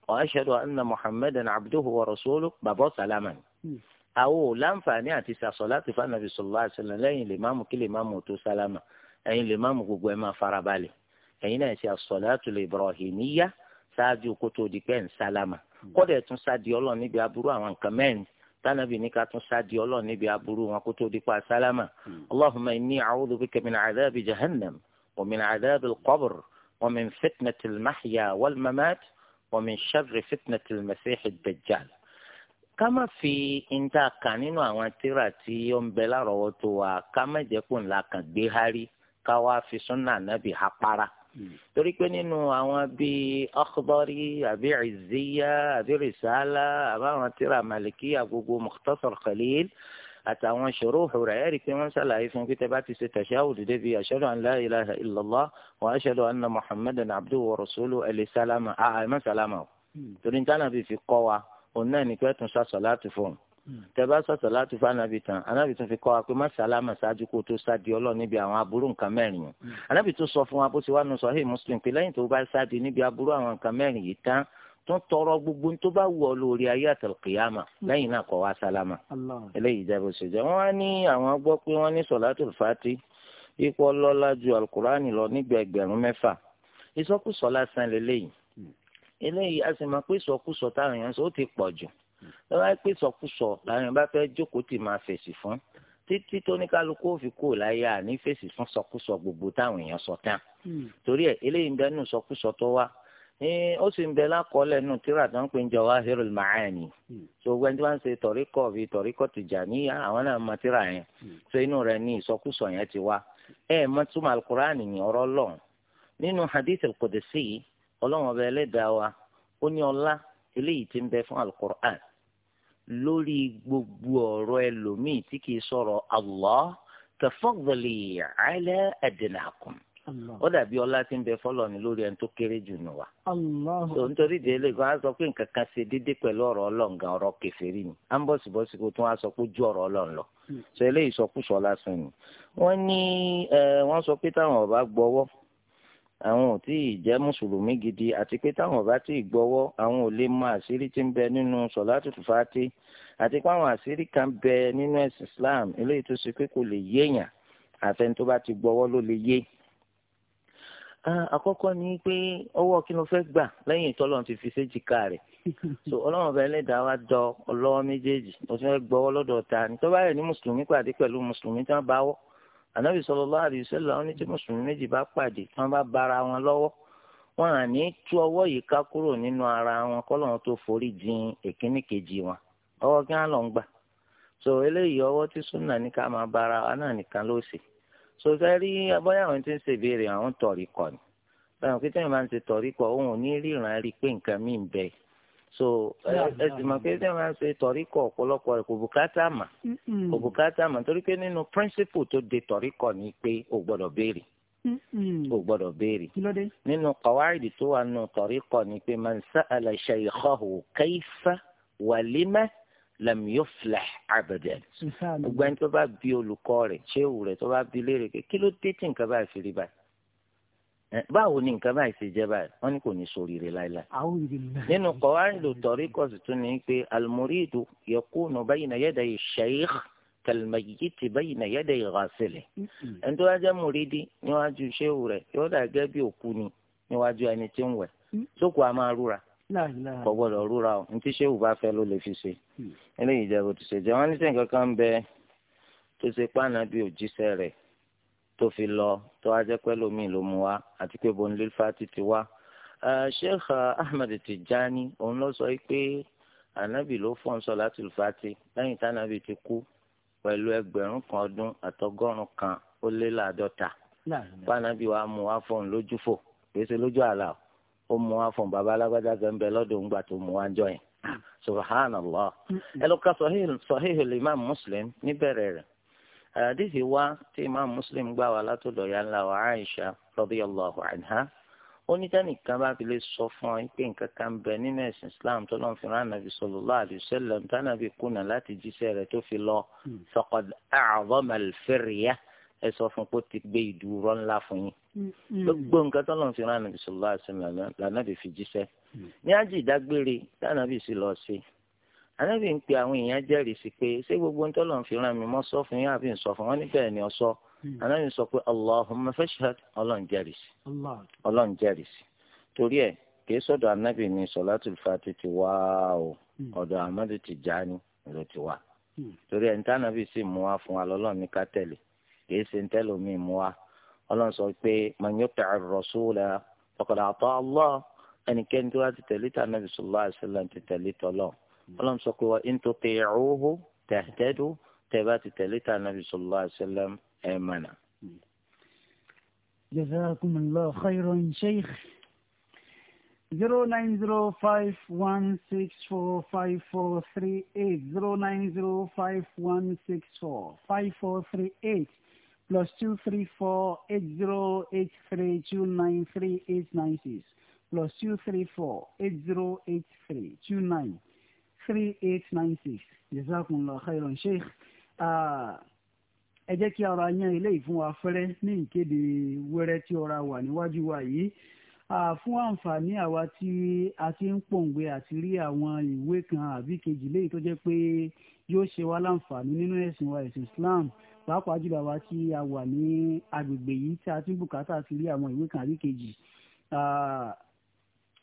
وأشهد أن محمدا عبده ورسوله بابا سلاما أو لم فاني أتسع صلاة فالنبي صلى الله عليه وسلم لأن الإمام كل إمام تو سلاما أين الإمام قوة ما فرابالي أين أتسع الصلاة الإبراهيمية ساديو كتو ديكين سلاما قد يتم ساديو الله نبي أبرو عن كمين تنبي نكاتم ساديو الله نبي أبرو عن كتو ديكوا سلاما اللهم إني أعوذ بك من عذاب جهنم ومن عذاب القبر ومن فتنة المحيا والممات wa min sharri fitnatil masihid dajjal ká má fi níta kà nínú àwọn tíra tí ó ń bẹ lárọ̀ọ́wọ́tó wa ká má jẹ́ kó ńlá kan gbé hárí ká wá fi súnà nábì hapara torí pé nínú àwọn bíi akhdari àbí ìzíyà àbí rìsálà àbáwọn tíra màlìkíyà gbogbo mukhtasar khalil àtàwọn ṣòróòfò rẹ̀ ẹ̀rí pé wọ́n ṣàlàyé fún pé tẹ́ bá ti ṣe tàṣáwùdù débi ashhadu an la ilaha illallah wa ashhadu anna muhammadan abduhu wa rasuluhu ẹ̀lẹ́ sálámà àmọ́ sálámà o hmm. torí níta nàbì fi kọ́ wa òun náà ní pẹ́ tún sàṣọ láti fún un hmm. tẹ́ bá sàṣọ láti fún anábì tán anábì tún fi kọ́ wa pé má sálámà ṣáájú kó tó sádi ọlọ́ níbi àwọn aburú nǹkan mẹ́rin yẹn anábì hmm. tún sọ fún wa bó ti wá nù sọ́hìn muslim pé lẹ́yìn tó bá sádi níbi aburú àwọn nǹkan mẹ́rin yìí tán tún tọrọ gbogbo tó bá wù ọ lórí ayé àtàlùkìyàmà lẹ́yìn náà kọ wá sálámà eléyìí jábọ ṣèjọ wọn á ní àwọn gbọ́ pé wọn ní sọlátùl fati ipò ọlọ́lá ju alukurani lọ nígbà ẹgbẹ̀rún mẹ́fà ìsọkúsọ lásán lélẹ́yìn hmm. eléyìí a sì máa pé ìsọkúsọ táwọn èèyàn sọ ó ti pọ̀ jù lọ́wọ́ pé ìsọkúsọ làwọn bá fẹ́ jókòó tì máa fèsì fún títí tóníkálukú òfin kò láyé àní fèsì fún sọkúsọ gbogbo táwọn èèyàn sọ tán hmm. torí ẹ eléyìí bẹ́ẹ̀ nù sọkúsọ tó wá ó sì ń bẹ lákọọ́lẹ̀ nù tíra tó ń pè Ma'ani hmm. so gbogbo ẹni tí ń ṣe tọ̀ríkọ̀ ti tọ̀ríkọ̀ Tijaniyya àwọn náà tíra hmm. so inú rẹ ní ìsọkúsọ yẹn ti wá ẹ mọ túmọ̀ nínú hadith al ọlọ́wọ́n wa ó ní ọlá eléyìí ti ń bẹ fún lórí gbogbo ọ̀rọ̀ ẹlòmíì tí kì í sọ̀rọ̀ Allah ó dàbí ọlá tí ń bẹ fọlọ ní lórí ẹni tó kéré jù nù wa. tó nítorí délé kan á sọ pé nǹkan kan ṣe déédé pẹ̀lú ọ̀rọ̀ ọlọ́ǹgàn ọ̀rọ̀ kẹfẹ́rì ni à ń bọ̀sibọ́sí kó tún á sọ pé ju ọ̀rọ̀ ọlọ́ǹ lọ. Hmm. sọ eléyìí sọkúsọ lásán ni. wọ́n ní wọ́n sọ pé táwọn ọba gbọ́wọ́ àwọn ò tí ì jẹ́ mùsùlùmí gidi àti pé táwọn ọba tí ì gbọ́wọ́ àwọn ò lè mọ àṣírí tí ń bẹ nínú sọ̀látù fàtí àti pé àwọn àṣírí kan bẹ nínú ẹ̀sìn Islam eléyìí tó ṣe pé kò lè yéèyàn àfẹn tó bá ti gbọ́wọ́ ló lè yé Ah, àkọ́kọ́ ni pé ọwọ́ kí ló fẹ́ gbà lẹ́yìn tọ́lọ́ ti fi séjìká rẹ̀ so ọlọ́run ọba ẹlẹ́dàá wa dọ ọlọ́wọ́ méjèèjì ó ti fẹ́ gbọ́wọ́ lọ́dọ̀ ta ni tó bá rẹ̀ ní mùsùlùmí pàdé pẹ̀lú mùsùlùmí tí wọ́n bá wọ́ ànábì sallallahu alaihi wasallam ní tí mùsùlùmí méjì bá pàdé tí wọ́n bá bara wọn lọ́wọ́ wọn à ní tú ọwọ́ yìí ká kúrò nínú ara wọn kọ́lọ́run tó forí jìn èkíní kejì wọn ọwọ́ kí wọ́n lọ ń gbà so eléyìí ọwọ́ tí súnà ní ká máa bara wa náà nìkan ló ṣe sọ̀tẹ́ rí abọ́yá àwọn tí ń ṣe ìbéèrè àwọn tọ̀rí kọ̀ ni báwọn kí tẹ́yìn máa ń ṣe tọ̀rí kọ̀ òun ò ní ríran rí pé nǹkan míì ń bẹ so ẹ sì mọ̀ pé tẹ́yìn máa ń ṣe tọ̀rí kọ̀ ọ̀pọ̀lọpọ̀ rẹ̀ kò bùkátà mà kò bùkátà mà torí pé nínú píríncípù tó de tọ̀rí kọ̀ ni pé o gbọ́dọ̀ béèrè o gbọ́dọ̀ béèrè nínú kọ̀wáìdì tó wà nù tọ̀rí kọ̀ ni pé man sa'ala shaykhahu kayfa lam yuflih abadan. gbogbo ẹni tó bá bi olùkọ́ rẹ̀ ṣéwù rẹ̀ tó bá bi léèrè pé kí ló dé tí nǹkan báyìí fi rí báyìí. báwo ni nǹkan báyìí ṣe jẹ́ báyìí wọ́n ní kò ní ṣoríire láéláé. nínú qawaidut tariqah tún ní pé al-muridu yakunu bayna yaday shaykh kal-mayyiti bayna yaday ghasilihi. ẹni tó bá jẹ́ mùrídì níwájú ṣéwù rẹ̀ yóò dà bí òkú ni níwájú ẹni tí ń wẹ̀ sókò á máa rúra kò gbọ́dọ̀ rúra o ntí sẹ́wù bá fẹ́ ló lè fi ṣe hmm. eléyìí jẹ́ bó ti ṣe jẹ́ wọ́n ní sẹ́yìn kankan ń bẹ tó ṣe pàànà bí òjíṣẹ́ rẹ̀ tó fi lọ tó ajẹ́ pẹ́ lómi ló mu wá àti pé bonilil fati ti wá. Sheikh Ahmed Tijani òun ló sọ pé ànábì ló fọ́n sọ láti lùfàtì lẹ́yìn tánábì ti kú pẹ̀lú ẹgbẹ̀rún kan ọdún àtọgọ́rùn kan ó lé láàdọ́ta pàànà bí wàá mu wá fọ́n lójúfò kì í ṣe lójú àlà o ó mú wa fún baba alágbádá gẹ́gẹ́ lọ́dún ìgbà tó mú wa jọ yẹn subhanallah mm. ẹ lọ ka sọhíhì imam muslim níbẹ̀rẹ̀ rẹ̀ àdìsí wa tí imam muslim gbà wá látọ̀dọ̀ ya ńlá wa aisha radiyallahu anha ó ní tẹ́nìkan bá fi lè sọ fún ọ pé nǹkan kan bẹ nínú ẹ̀sìn islam tó lọ́n fi ànàbì sallallahu alaihi wasallam kùnà láti jíṣẹ́ rẹ̀ tó fi lọ mm. faqad a'zama al ẹ sọ fún pé ó ti gbé ìdúró ńlá fún yín mm-hmm. gbogbo nǹkan tó lọ́n fi rán ànábì sallallahu alaihi wasallam lànàbì fi jíṣẹ́ mm-hmm. ní ájì ìdágbére lànàbì sì lọ sí ànábì ń pe àwọn èèyàn jẹ́rìí sí pé ṣé gbogbo ń tọ́lọ̀ ń fi rán mi mọ́ sọ fún yín àbí ń sọ fún wọn níbẹ̀ ni ọ sọ mm-hmm. ànábì sọ pé Allahumma fashhad ọlọ́run jẹ́rìí sí ọlọ́run jẹ́rìí sí torí ẹ̀ kìí sọ̀dọ̀ ànábì ni sọ̀látù fati ti wá o ọ̀dọ̀ Ahmadu Tijani ló ti wá torí ẹ̀ ń tànàbì sì mú wa fún wa lọ́lọ́run ní ká tẹ̀lé kìí ṣe ń tẹ́lómi mú wa ọlọ́run sọ pé man yuti'i ar-rasula faqad ata Allah ẹnikẹ́ni tó bá ti tẹ̀lé tà nàbì sallallahu alaihi wasallam ti tẹ̀lé tọ́lọ̀ ọlọ́run sọ pé wa in tuti'uhu tahtadu tẹ̀ bá ti tẹ̀lé tà nàbì sallallahu alaihi wasallam ẹ̀ mọ̀nà. zero nine zero five one six four five four three eight zero nine zero five one six four five four three eight plus two three four eight zero eight three two nine three eight nine six plus two three four eight zero eight three two nine three eight nine six jazakumullahu khairan sheikh ah, ẹ jẹ́ kí ara yan eléyìí fún wa fẹ́rẹ́ ní ìkéde wẹ́rẹ́ tí ọ̀ra wà níwájú wa yìí ah, fún àǹfààní àwa tí a ti ń pòǹgbẹ àti rí àwọn ìwé kan àbí kejì léyìí tó jẹ́ pé yóò ṣe wá láǹfààní nínú ẹ̀sìn wa ẹ̀sìn Islam pàápàá jùlọ àwa tí a wà ní agbègbè yìí tí a ti bùkátà ti rí àwọn ìwé kan àbí kejì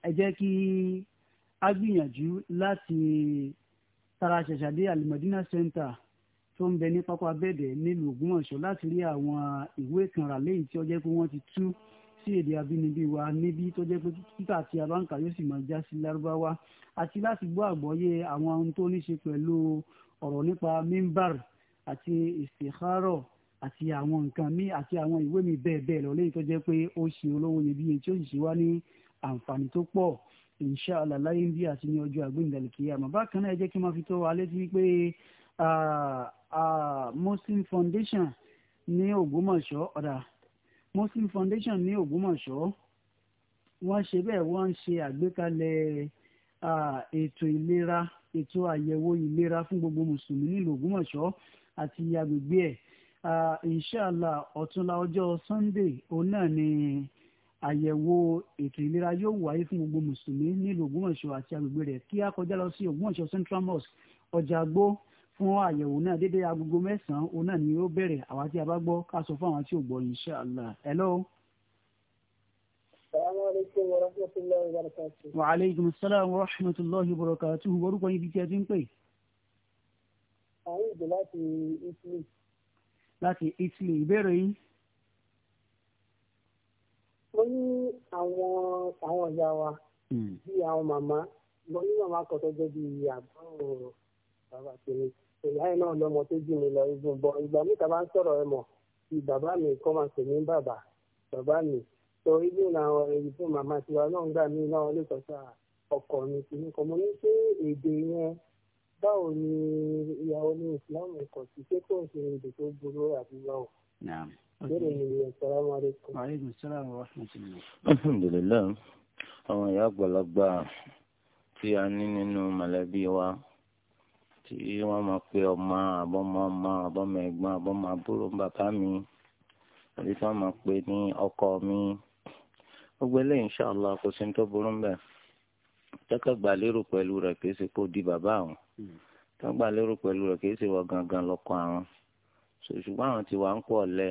ẹ jẹ́ kí a gbìyànjú láti tara ṣẹ̀ṣàdé alimọ̀dínà center tó ń bẹ ní pápá bẹ́ẹ̀dẹ̀ nílùú Ògbómọ̀ṣọ́ láti rí àwọn ìwé kan rà léyìí tí ó jẹ́ pé wọ́n ti tú sí èdè abínibí wa níbi tó jẹ́ pé títà àti abáǹkà yóò sì máa já sí lárúbáwá àti láti gbọ́ àgbọ́yé àwọn ohun tó ní ṣe pẹ̀lú ọ̀rọ̀ nípa mímbàrì àti ìsìkárọ̀ àti àwọn nǹkan míì àti àwọn ìwé mi bẹ́ẹ̀ bẹ́ẹ̀ lọ léyìí tó jẹ́ pé ó ṣe olówó iyebíye tí ó sì ṣe wá ní àǹfààní tó pọ̀ inshallah láyé ń bí àti ní ọjọ́ àgbéǹdàlẹ̀ kíyàmá bákan náà ẹ jẹ́ kí n máa fi tó wa létí pé Muslim Foundation ní Ògbómọ̀ṣọ́ ọ̀dà Muslim Foundation ní Ògbómọ̀ṣọ́ wọ́n ṣe bẹ́ẹ̀ wọ́n ń ṣe àgbékalẹ̀ ètò ìlera ètò àyẹ̀wò ìlera fún gbogbo mùsùlùmí nílùú Ògbómọ̀ṣọ́ àti agbègbè ẹ̀ inshàlá ọ̀túnla ọjọ́ sunday òun náà ni àyẹ̀wò ètò ìlera yóò wáyé fún gbogbo mùsùlùmí nílùú ògbómọ̀ṣọ́ àti agbègbè rẹ̀ kí a kọjá lọ sí ògbómọ̀ṣọ́ central mosque ọjà àgbó fún àyẹ̀wò náà dédé agogo mẹ́sàn-án òun náà ni yóò bẹ̀rẹ̀ àwa tí a bá gbọ́ ká sọ fún àwọn tí ò gbọ́ inshàlá hello. Assalamualaikum warahmatullahi wabarakatuh. Wa alaikum assalam warahmatullahi wabarakatuh. Orúkọ yín bí kí ẹ ti ń pè. àwọn èdè láti Italy. láti Italy ìbéèrè yìí. mo ní àwọn àwọn ìyá wa hmm. bíi àwọn màmá mo ní màmá kan tó jẹ́ bíi àbúrò bàbá tèmi ìyá yẹn náà lọ́mọ tó jù mí lọ ìgbọ̀ngbọ̀ ìgbà níta bá ń sọ̀rọ̀ ẹ mọ̀ mi kọ́ máa pè ní bàbá mi sọ ibi làwọn fún màmá tiwa náà ń gbà mí náà ọkọ mi kì í kọ́ mo ní báwo ni ìyàwó ní islam ẹ̀kọ́ sí pé kò ṣe èdè tó burú àti báwo. bẹ́ẹ̀ ni ìyẹn sàlámù aleykum. aleykum salaam wa rahmatulah. alhamdulilayi àwọn ìyá àgbàlagbà tí a ní nínú mọ̀lẹ́bí wa tí wọ́n máa pe ọmọ àbọ̀mọ ọmọ àbọ̀mọ ẹ̀gbọ́n àbọ̀mọ àbúrò bàbá mi àbí tí wọ́n máa pe ní ọkọ mi gbogbo eléyìí inṣàlá kò sí ní tó burú mbẹ tẹkẹgbà lérò pẹ̀lú rẹ̀ kì í ṣe kó di bàbá àwọn tó ń gbà lérò pẹ̀lú rẹ̀ kìí ṣe wọ gangan lọ́kọ àwọn ṣùgbọ́n àwọn ti wà ń pọ̀ lẹ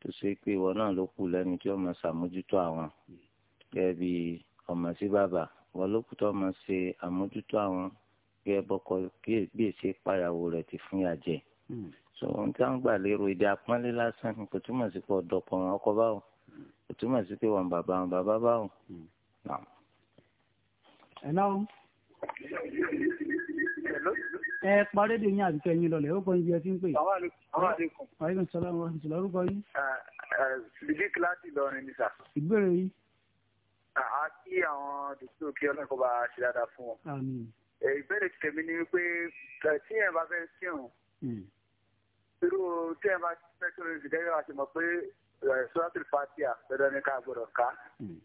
tó ṣe pé ìwọ náà ló kù lẹ́nu tí ọmọ ṣàmójútó àwọn gẹ́gẹ́ bí ọmọ sí bàbá wọn ló kù tó ọmọ ṣe àmójútó àwọn gẹ́gẹ́ bọ́kọ bí èsì ìpayàwó rẹ̀ ti fún yà jẹ. so ohun tí wọ́n gbà lérò èdè àpọ́nlé lásán kò túmọ̀ sí pé ọ̀dọ́ kan wọn ọkọ báwọn kò túmọ̀ sí pé wọn bàbá wọn bàbá báwọn. ẹ náà ẹ pa rédíò yín àbíkẹ́ yín lọlẹ̀ ó kọ́ ibi ẹ ti ń pè. àwọn àlekún. aleykum salaam wa rahmatulah orúkọ yín. bíbíkì láti Ìlọrin ni sà. ìbéèrè yín. àá kí àwọn dòkítà kí ọlọ́kọ̀ bá ṣe dáadáa fún wọn. ìbéèrè tèmi ni wípé tí ẹ bá fẹ́ kírun hmm. irú tí ẹ bá fẹ́ kírun ìdílé wa ti mọ̀ pé sọ́ọ́tì fatia lọ́dọ̀ ní ká gbọ́dọ̀ ká. Hmm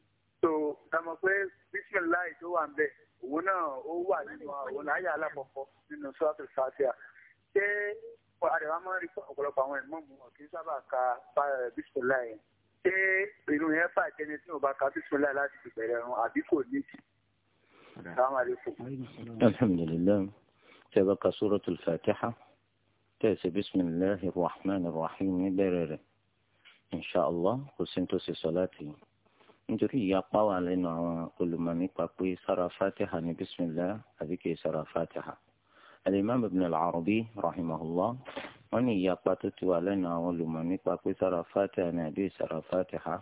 so dàmọ pé bisimilayi tó wà ń bẹ òun náà ó wà nínú àwọn àyà alákọ̀ọ́kọ́ nínú sọ́ọ̀tù fàtíà ṣé àdàbà máa ń rí ọ̀pọ̀lọpọ̀ àwọn ìmọ̀ọ́mù kì í sábà ka eh, bisimilayi ṣé ìlú yẹn bàjẹ́ ni tí mo bá ka bisimilayi láti ti bẹ̀rẹ̀ run àbí kò nídìí. alhamdulilayi tẹ́ bá ka sórọ́tù fàtíà tẹ̀sí bisimilayi rahman rahim ní bẹ̀rẹ̀ rẹ̀ inṣàlá kò sí ní tó ṣe sọ láti yìí nítorí ìyapa wà lẹ́nu àwọn olùmọ̀ nípa pé sára fatiha ní bismillah àbí kì í sára fatiha. al-imam ibn al-arabi rahimahullah wọ́n ní ìyapa tó ti wà lẹ́nu àwọn olùmọ̀ nípa pé sára fatiha ní àbí sára fatiha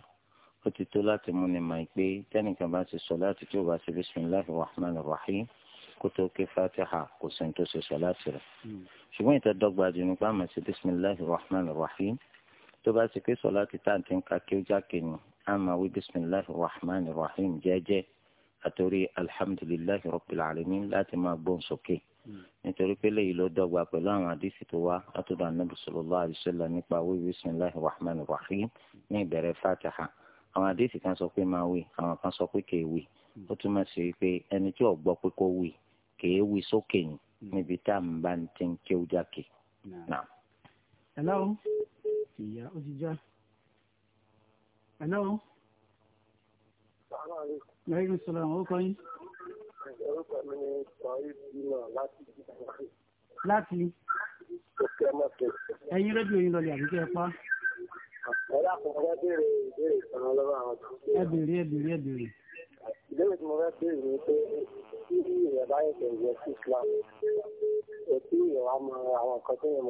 ó ti tó láti mú ni mọ̀ pé tẹ́nìkan bá ti sọ láti tí ó bá ti bisimilahi rahman rahim kó tó ké fatiha kò sí tó ṣe sọ láti rẹ̀. Hmm. ṣùgbọ́n ìta dọ́gba jù nípa àmọ̀ sí bisimilahi rahman rahim tó bá ti ké sọ láti tá àmọ́ wí bisimilahi rahman rahim jẹ́jẹ́ àtòrí alhamdulilahi rabbil alamin láti máa gbóhùn sókè nítorí pé léyìí ló dọ́gba pẹ̀lú àwọn àdìsí tó wá látọ̀dọ̀ anábì sallallahu alaihi wasallam nípa wí bisimilahi rahman rahim ní ìbẹ̀rẹ̀ fatiha àwọn àdìsí kan sọ pé máa wí àwọn kan sọ pé kèé wí ó túmọ̀ sí pé ẹni tí ò gbọ́ pé kó wí kèé wí sókè yìí níbi tá à ń bá ti ń kéwú jákè. hello ìyá ó ti já hello. aleykum salaam ó kọ́ yín. orúkọ mi ni sọ̀rí bímọ láti láti. òkè mọ́tò. ẹyin rédíò yín lọlẹ̀ àbíkẹ́ ẹ pa. ẹ̀rọ àkọ́kọ́ béèrè ìbéèrè kan lọ́wọ́ àwọn tó. ẹ béèrè ẹ béèrè ẹ béèrè. ìbéèrè tí mo fẹ́ béèrè ni pé kí ìyẹn bá yẹn tẹ̀lé sí Islam ètí ìyẹn wàá mọ àwọn nǹkan tó yẹ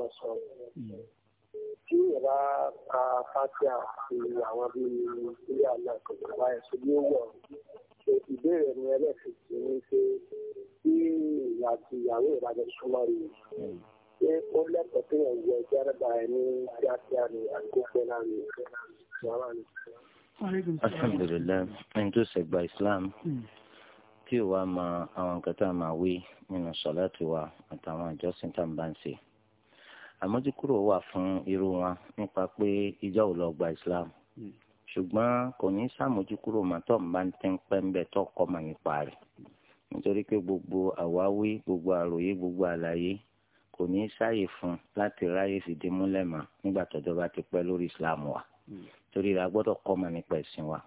tí ìyàrá ka pàṣẹ àti àwọn bíi ilé àlọ́ ìjọba ẹ̀sùn ní wọ̀ ìbéèrè ni ẹlẹ́sìn ní pé tí ìyá àti ìyàwó ìbàdàn súnmọ́ rẹ̀ ṣé ó lẹ́tọ̀ọ́ pé ẹ̀yẹ jẹ́rẹ̀bà ẹ̀ ní kíákíá ni àti pẹ́lá ni ìjọba ni. alhamdulilayi ẹni tó ṣẹ̀gbà islam tí ò wá mọ àwọn nǹkan tá a máa wí nínú sọ̀láàtì wa àtàwọn ìjọsìn tá a bá ń ṣe àmójúkúrò wà fún irú wọn nípa pé ìjọ ò lọ gba islam hmm. ṣùgbọ́n kò ní sàmójúkúrò mà tó ń bá ń tẹ́ ń pẹ́ ń bẹ̀ tó kọ́ mà nípa rẹ̀ nítorí pé gbogbo àwáwí gbogbo àròyé gbogbo àlàyé kò ní sáàyè fún láti ráyè fìdí múlẹ̀ mọ́ nígbà tọ́jọ́ bá ti pẹ́ lórí islam wa hmm. torí ra gbọ́dọ̀ kọ́ mà nípa ẹ̀sìn wa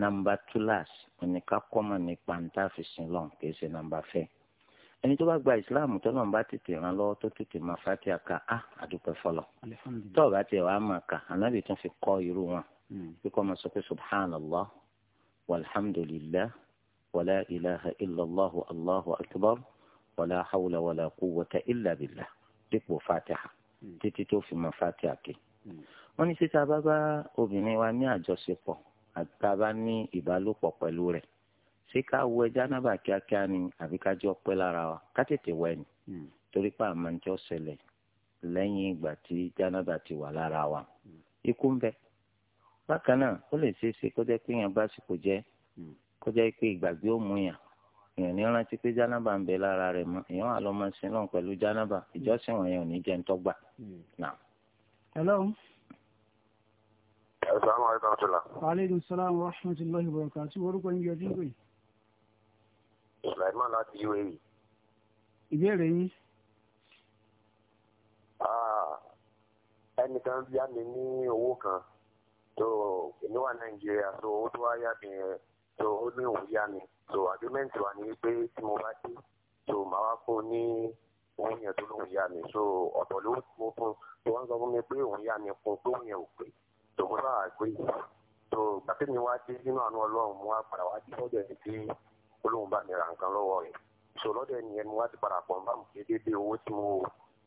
nàmbà túláàsì oníkà kọ́ mà nípa ń tà fi sin lọ́n kì í ṣe nàmbà fẹ́ẹ́ ẹni tó bá gba ìsìláàmù tó náà bá tètè ràn lọ́wọ́ tó tètè máa fàtí àka á àdúpẹ́ fọlọ́ tó o bá tiẹ̀ wàá máa kà ànábì tún fi kọ́ irú wọn hmm. kíkọ́ máa sọ pé subhanallah walhamdulillah wàlá ilaha illallahu allahu akbar wàlá hawla wàlá quwwata illa billah dípò fatiha hmm. títí tó fi máa fàtí àké. wọ́n ní síta bá bá obìnrin wa ní àjọṣepọ̀ àti tá a bá ní ìbálòpọ̀ pẹ̀lú rẹ̀ ṣé ká wọ ẹja náà bà kíákíá ni àbí ká jọ pẹ́ lára wa ká tètè wẹ̀ ni hmm. torí pé àmọ́ ń jọ ṣẹlẹ̀ lẹ́yìn ìgbà tí ti wà wa hmm. ikú ń bẹ bákan náà ó lè ṣeé ṣe kó jẹ́ pé èèyàn bá sì kò jẹ́ hmm. kó jẹ́ pé ìgbàgbé ó mú yàn èèyàn ní rántí pé jánábà ń bẹ lára rẹ̀ mọ́ èèyàn wà lọ́mọ sí náà pẹ̀lú ìjọsìn hello. wa wa Sulaiman láti UAE. ìbéèrè yín. Ah, ẹnìkan yá mi ní owó kan tó èmi wà Nàìjíríà tó owó tó wá yá mi yẹn tó ó ní òun yá mi tó agreement wà ní pé tí mo bá dé tó màá wá fún un ní owó yẹn tó lóun yá mi tó ọ̀tọ̀ ló mú fún tó wọ́n sọ fún mi pé òun yá mi fún tó yẹn ò pé tó mo bá wà pé tó gbàtẹ́mi wá dé nínú àánú Ọlọ́run mo wá padà wá dé sọ́dọ̀ ẹ̀ sí olóhùn bá mi ra nǹkan lọ́wọ́ rẹ̀ ìṣòlọ́dẹ nìyẹn mo wá ti padà pọ̀ nbà mú pé déédéé owó tí mo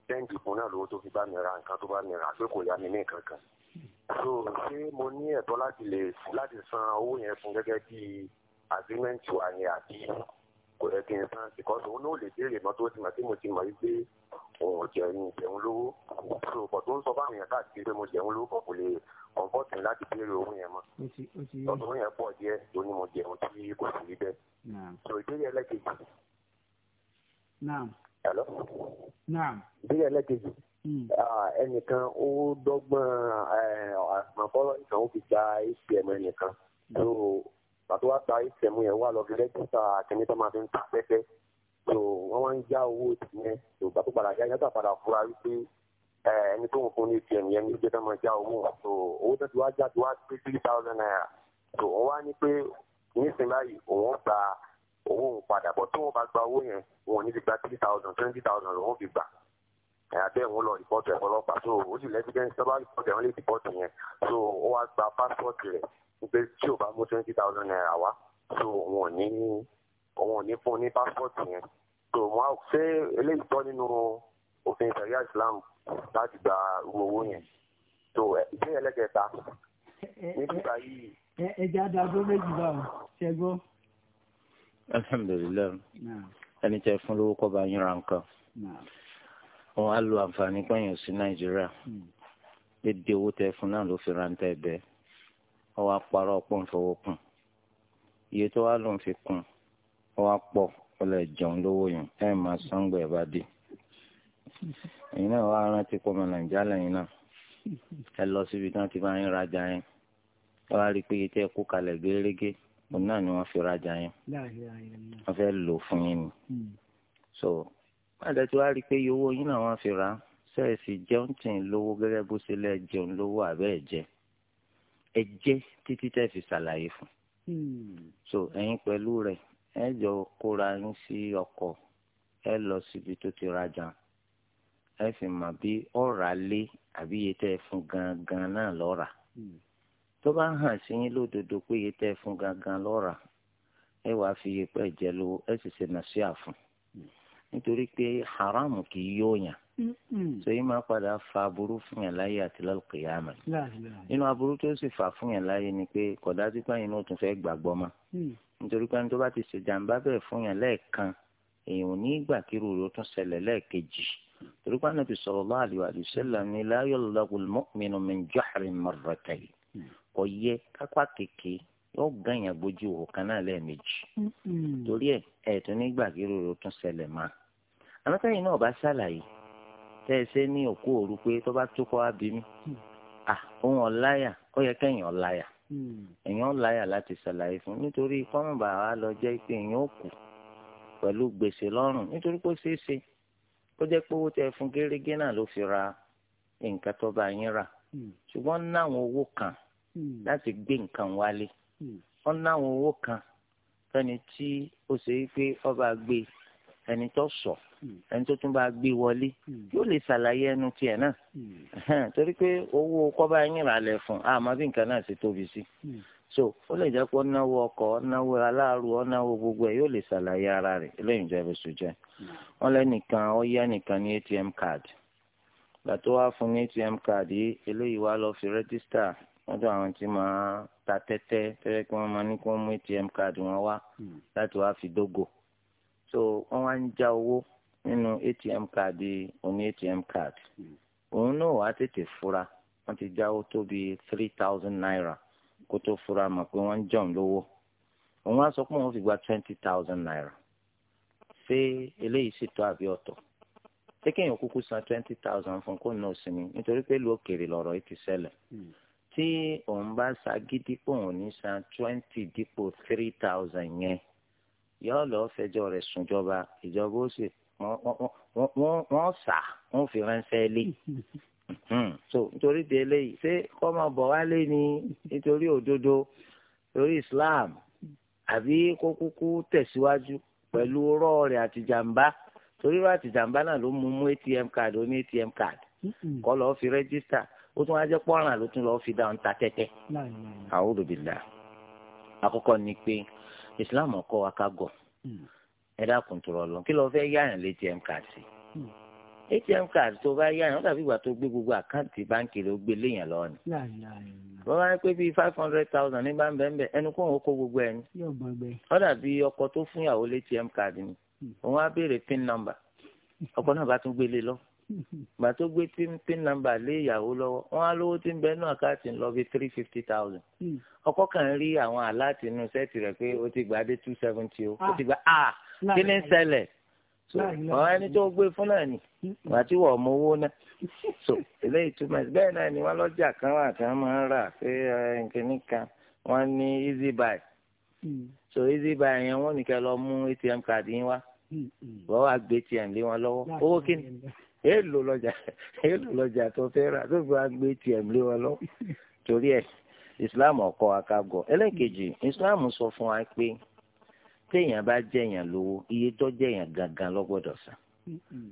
tẹ́ǹtì fún náà lówó tó fi bá mi ra nǹkan tó bá mi rà pé kò yá mi ní nǹkan kan so ṣé mo ní ẹ̀tọ́ láti lè láti san owó yẹn fún gẹ́gẹ́ bí agreement wa ni àbí kò yẹ kí n san because òun náà lè béèrè mọ́tò tí mà tí mo ti mọ̀ òun jẹun jẹun lówó so bọ̀ tó ń sọ báwọn yẹn káàkiri pé mo jẹun lówó kọ̀ kò lè ọ̀nfọ̀tún láti béèrè owó yẹn mọ́ ọ̀tún yẹn pọ̀ díẹ̀ lóní mo jẹun tí kò sí rí bẹ́ẹ̀ so ìbéèrè ẹlẹ́kejì. hello. ìbéèrè ẹlẹ́kejì hmm. ẹnìkan ó dọ́gbọ́n àmọ́fọ́lọ́ ìkan ó fi gba atm ẹnìkan tó pàtó wá ta atm yẹn wá lọ fi rẹ́gísítà akẹ́ni tó máa fi ń ta pẹ́pẹ́ So, wọ́n wá ń já owó tìyẹn tó pàtó padà yá yàtọ̀ padà fura wípé Eh, ẹni tó ń fún ní atm yẹn ní ìjọba máa já owó wa tó owó tó ti wá já ti wá pé three thousand naira tó òun wá ní pé nísìnyí báyìí òun gba owó òun padà bọ̀ tó wọn bá gba owó yẹn wọn ò ní ti gba three thousand twenty thousand lòun fi gbà eh, àbẹ́ òun lọ rìpọ́tù ẹ̀ fọlọ́pàá so ó sì lẹ́fídẹ́ǹsì tó bá rìpọ́tù ẹ̀ wọ́n lè rìpọ́tù yẹn so ó wá gba pásítọ̀tì rẹ̀ pé tí ò bá mú twenty thousand naira wá so òun ò ní òun ò ní fún un ní pásítọ̀tì yẹn so wọn ṣé eléyìí tọ́ nínú òfin ìṣẹ̀rí Islam láti gba owó yẹn tó ìpín ẹlẹ́kẹta nígbà yìí. ẹja da ọdún méjì báwo ṣe gbọ́. alhamdulilayi ẹni tẹ fún lówó kọ́ bá yín ra nǹkan wọn á lo àǹfààní pẹ̀yìn sí nàìjíríà hmm. dédé owó tẹ fún náà ló fi ra ń tẹ bẹ́ẹ̀ wọn wá parọ́ ọ̀pọ̀ nfọwọ́ kùn iye tó wá ló ń fi kùn wọn wá pọ̀ ọlẹ̀ jẹun lówó yẹn ẹ̀ máa sangbó ẹ̀ bá dé ẹ̀yin náà wàá rántí pọ̀ mọ́ nàìjíríà lẹ́yìn náà ẹ lọ síbi tí wọ́n ti bá yín rajà yẹn wọ́n á rí i pé iye tí ẹ kó kalẹ̀ gérégé òun náà ni wọ́n fi rajà yẹn wọ́n fẹ́ lò fún yín ni hmm. so pàdé tí wọ́n á rí i pé iye owó yín náà wọ́n fi rà á sẹ́ẹ̀sì jẹun tì ń lówó gẹ́gẹ́ bó ṣe lẹ́ jẹun lówó àbẹ́ ẹ̀jẹ̀ ẹ̀jẹ̀ títí tẹ́ fi ṣàlàyé fún hmm. so ẹ̀yin pẹ̀lú rẹ̀ ẹ jọ kóra yín sí ọkọ̀ ẹ lọ síbi tó ti rajà. ẹ sì mọ̀ bí ọ̀rà lé àbí iye tẹ́ ẹ fún gangan náà lọ́ra hmm. tó bá hàn sí yín lódodo pé iye tẹ́ ẹ fún gangan lọ́ra ẹ wàá fi iye pẹ́ jẹ lówó ẹ sì ṣe hmm. nítorí pé haramu kì í yóòyàn hmm. so yìí máa padà fa aburú fún yàn láyé àti nínú aburú tó sì fà fún yàn láyé ni pé náà tún fẹ́ gbàgbọ́ nítorí pé ẹni tó bá ti ṣèjàmbá fún yàn lẹ́ẹ̀kan èèyàn ò ní ìgbà tún ṣẹlẹ̀ lẹ́ẹ̀kejì. torí pé anabi sallallahu alaihi wasallam ni la yulaqul mu'minu min jahrin marratayn kò yẹ kápá kéke yóò gànyàn gbójú wò kan náà lẹ́ẹ̀mejì torí ẹ ẹ tún nígbà kí ròrò tún ṣẹlẹ̀ mọ́ àmọ́tẹ́yìn náà bá ṣàlàyé tẹ́ ẹ ṣe ní òkú òru pé tó bá tó kọ́ abì mí ohun ọ̀láyà ó yẹ kẹ́yìn ọ̀láyà mm. èèyàn ọ̀láyà láti ṣàlàyé fún nítorí kọ́mọ̀bà wa lọ jẹ́ pé èèyàn ò kù pẹ̀lú gbèsè lọ́rùn nítorí pé ó ṣeé ṣe ó jẹ́ pé owó tẹ fún gérégé náà ló fi ra nǹkan tó bá yín rà hmm. ṣùgbọ́n náwọn owó kan hmm. láti gbé nǹkan wálé hmm. wọ́n náwọn owó kan fẹ́ni tí ó ṣe é pé ọba gbé ẹni tó sọ ẹni tó tún bá gbé wọlé yóò lè ṣàlàyé ẹnu tiẹ̀ náà torí pé owó kọ́ba yín rà lẹ̀ fún àmọ́ bí nǹkan náà ṣe tóbi sí so ó lè jẹ́ pé ọ̀nàwó ọkọ̀ ọ̀nàwó aláàrú ọ̀nàwó gbogbo ẹ̀ yóò lè ṣàlàyé ara rẹ̀ eléyìí jẹ́ bẹ́sù jẹ́ wọ́n lẹ́nìkan ó yá nìkan ní atm card gbàtó wá fún ní atm card yìí eléyìí wá lọ fi rẹ́gísítà lọ́dọ̀ àwọn tí máa ta tẹ́tẹ́ tẹ́tẹ́ kí wọ́n máa ní kí wọ́n mú atm card wọn wá láti wá fi dógò so wọ́n wá ń já owó nínú atm card oní atm card òun náà wàá tètè fura wọ́n ti jáwó tó bíi three thousand naira kó tó fura mọ̀ pé wọ́n ń jọ̀n lówó òun á sọ pé wọ́n fi gba twenty thousand naira ṣé eléyìí sì tó àbí ọ̀tọ̀ ṣé kéèyàn kúkú san twenty thousand fún kó nà òsì ni nítorí pé ìlú òkèèrè lọ̀rọ̀ yìí ti ṣẹlẹ̀ hmm. tí òun bá ṣagídí pé òun ní san twenty dípò three thousand yẹn yóò lọ fẹjọ́ rẹ̀ sùnjọba ìjọba ó sì wọ́n sà wọ́n fi ránṣẹ́ lé Hmm. so nítorí di eléyìí ṣé kọ́ máa bọ̀ wálé ni nítorí òdodo lórí Islam àbí kó kúkú tẹ̀síwájú pẹ̀lú rọ́ọ̀rẹ̀ àti jàǹbá torí rọ́ọ̀ àti jàǹbá náà ló mú mú ATM card ó ní ATM card kọ́ lọ́ọ́ fi rẹ́gísítà ó tún wá jẹ́ pọ́nrán ló tún lọ́ọ́ fi dáhùn ta tẹ́tẹ́ a'udhu billah ni pé Islam ọkọ wa ká gọ̀ mm. ẹ dákun tó rọ lọ kí lọ́ọ́ fẹ́ yáyàn lé ATM card sí. Mm atm card tó bá yá yẹn ó dàbí ìgbà tó gbé gbogbo àkáǹtì báńkì rẹ̀ ó gbé léyìn lọ ni. wọ́n wá pé bíi five hundred thousand ní bá ń bẹ́ẹ̀ bẹ́ẹ̀ ẹnu kó òun kó gbogbo ẹni. ó dàbí ọkọ tó fún ìyàwó lé atm card ni hmm. òun á béèrè pin number ọkọ náà bá tún gbélé lọ gbà tó gbé pin number lé ìyàwó lọ́wọ́ wọn á lówó tí ń bẹ náà káàtì ń lọ bíi three fifty thousand hmm. ọkọ kan rí àwọn aláàtì inú sẹ́ẹ̀tì rẹ̀ pé ó ti gbà dé two seventy o ó ah. ti gbà ah, kí ni ń ṣẹlẹ̀ àwọn ẹni tó gbé fún náà ni wàá tí wọ́n mọ owó náà so eléyìí túmọ̀ sí bẹ́ẹ̀ náà ni wọ́n lọ́jà kan wà tí wọ́n máa ń rà pé eh, nkíní wọ́n ní easy buy mm. so easy buy yẹn wọ́n nìkan lọ mú atm card yín wá wọ́n wá gbé atm lé wọn lọ́wọ́ owó kí ni èèlò lọ́jà èèlò lọ́jà tó fẹ́ rà tó fi wá gbé atm lé wọn lọ́wọ́ torí ẹ̀ islam ọkọ̀ akágọ̀ ẹlẹ́ẹ̀kejì islam sọ fún wa pé téèyàn bá jẹyàn lówó iye tó jẹyàn gangan lọ́gbọ́dọ̀ san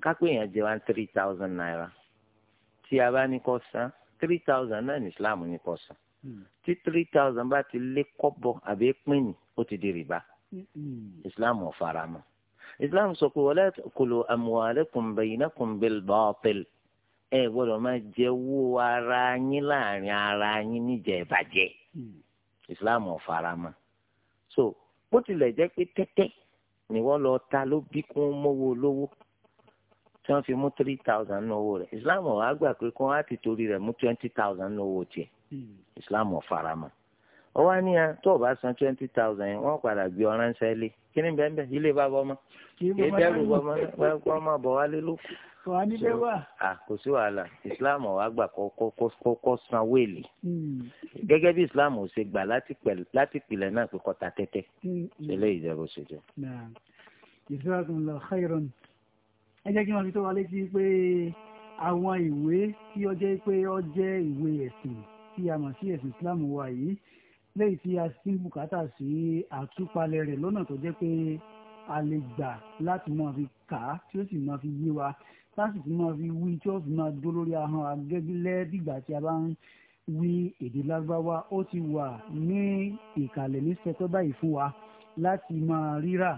kápẹ́ èèyàn jẹ one three thousand naira tí a bá ní kó san three thousand náà ní islam ní kó san mm. tí three thousand bá ti lé kọ́bọ̀ àbí pínì ó ti di rìbá islam ò fara mọ́ islam sọ pé wala ta'kulu amwalakum baynakum bil batil ẹ gbọ́dọ̀ máa jẹ owó ara yín láàrin ara yín níjẹ mm. islam ò fara mọ́ so bó tilẹ̀ jẹ́ pé tẹ́tẹ́ ni wọ́n lọ ta ló bí kún mọ́wó lówó tí wọ́n fi mú three thousand lówó rẹ̀ islam ọ̀ àgbà pé kí á ti torí rẹ̀ mú twenty thousand lówó tiẹ̀ hmm. islam ọ̀ faramọ́ ọwọ́ á ní ya ah, tó o bá san twenty thousand yẹn wọ́n padà gbé ọ̀ràn sẹ́lẹ̀ kí ni bẹ́ẹ̀ bẹ́ẹ̀ ilé bá bọ́ ọmọ kì í dẹ́rù bọ́ ọmọ wọ́n máa bọ̀ wálé lóko. wà á níbẹ̀ wà. kò sí wàhálà islam wa gbà kọ́kọ́ san wéèlì hmm. gẹ́gẹ́ bí islam ò ṣe gbà láti pìlẹ̀ náà pé kọ́ta tẹ́tẹ́ ilé hmm, hmm. ìjẹ́bù ṣe jẹ́. jazakumullahu khairan ẹ jẹ́ kí wọ́n fi tó wa létí pé àwọn ìwé tí ó jẹ́ pé ó jẹ́ ìwé ẹ̀sìn tí a mọ̀ sí ẹ̀sìn islam wa yìí lẹ́yìn tí a sì bùkátà sí àtúpalẹ̀ rẹ̀ lọ́nà tó jẹ́ pé a lè gbà láti máa fi kà á tí ó sì máa fi yé wa láti fi máa fi wí tí ó fi máa dó lórí ahọ́n agẹ́gílẹ́ dìgbà tí a bá ń wí èdè lágbáwá ó ti wà ní ìkàlẹ̀ ní sẹ́tọ́ báyìí fún wa láti máa rírà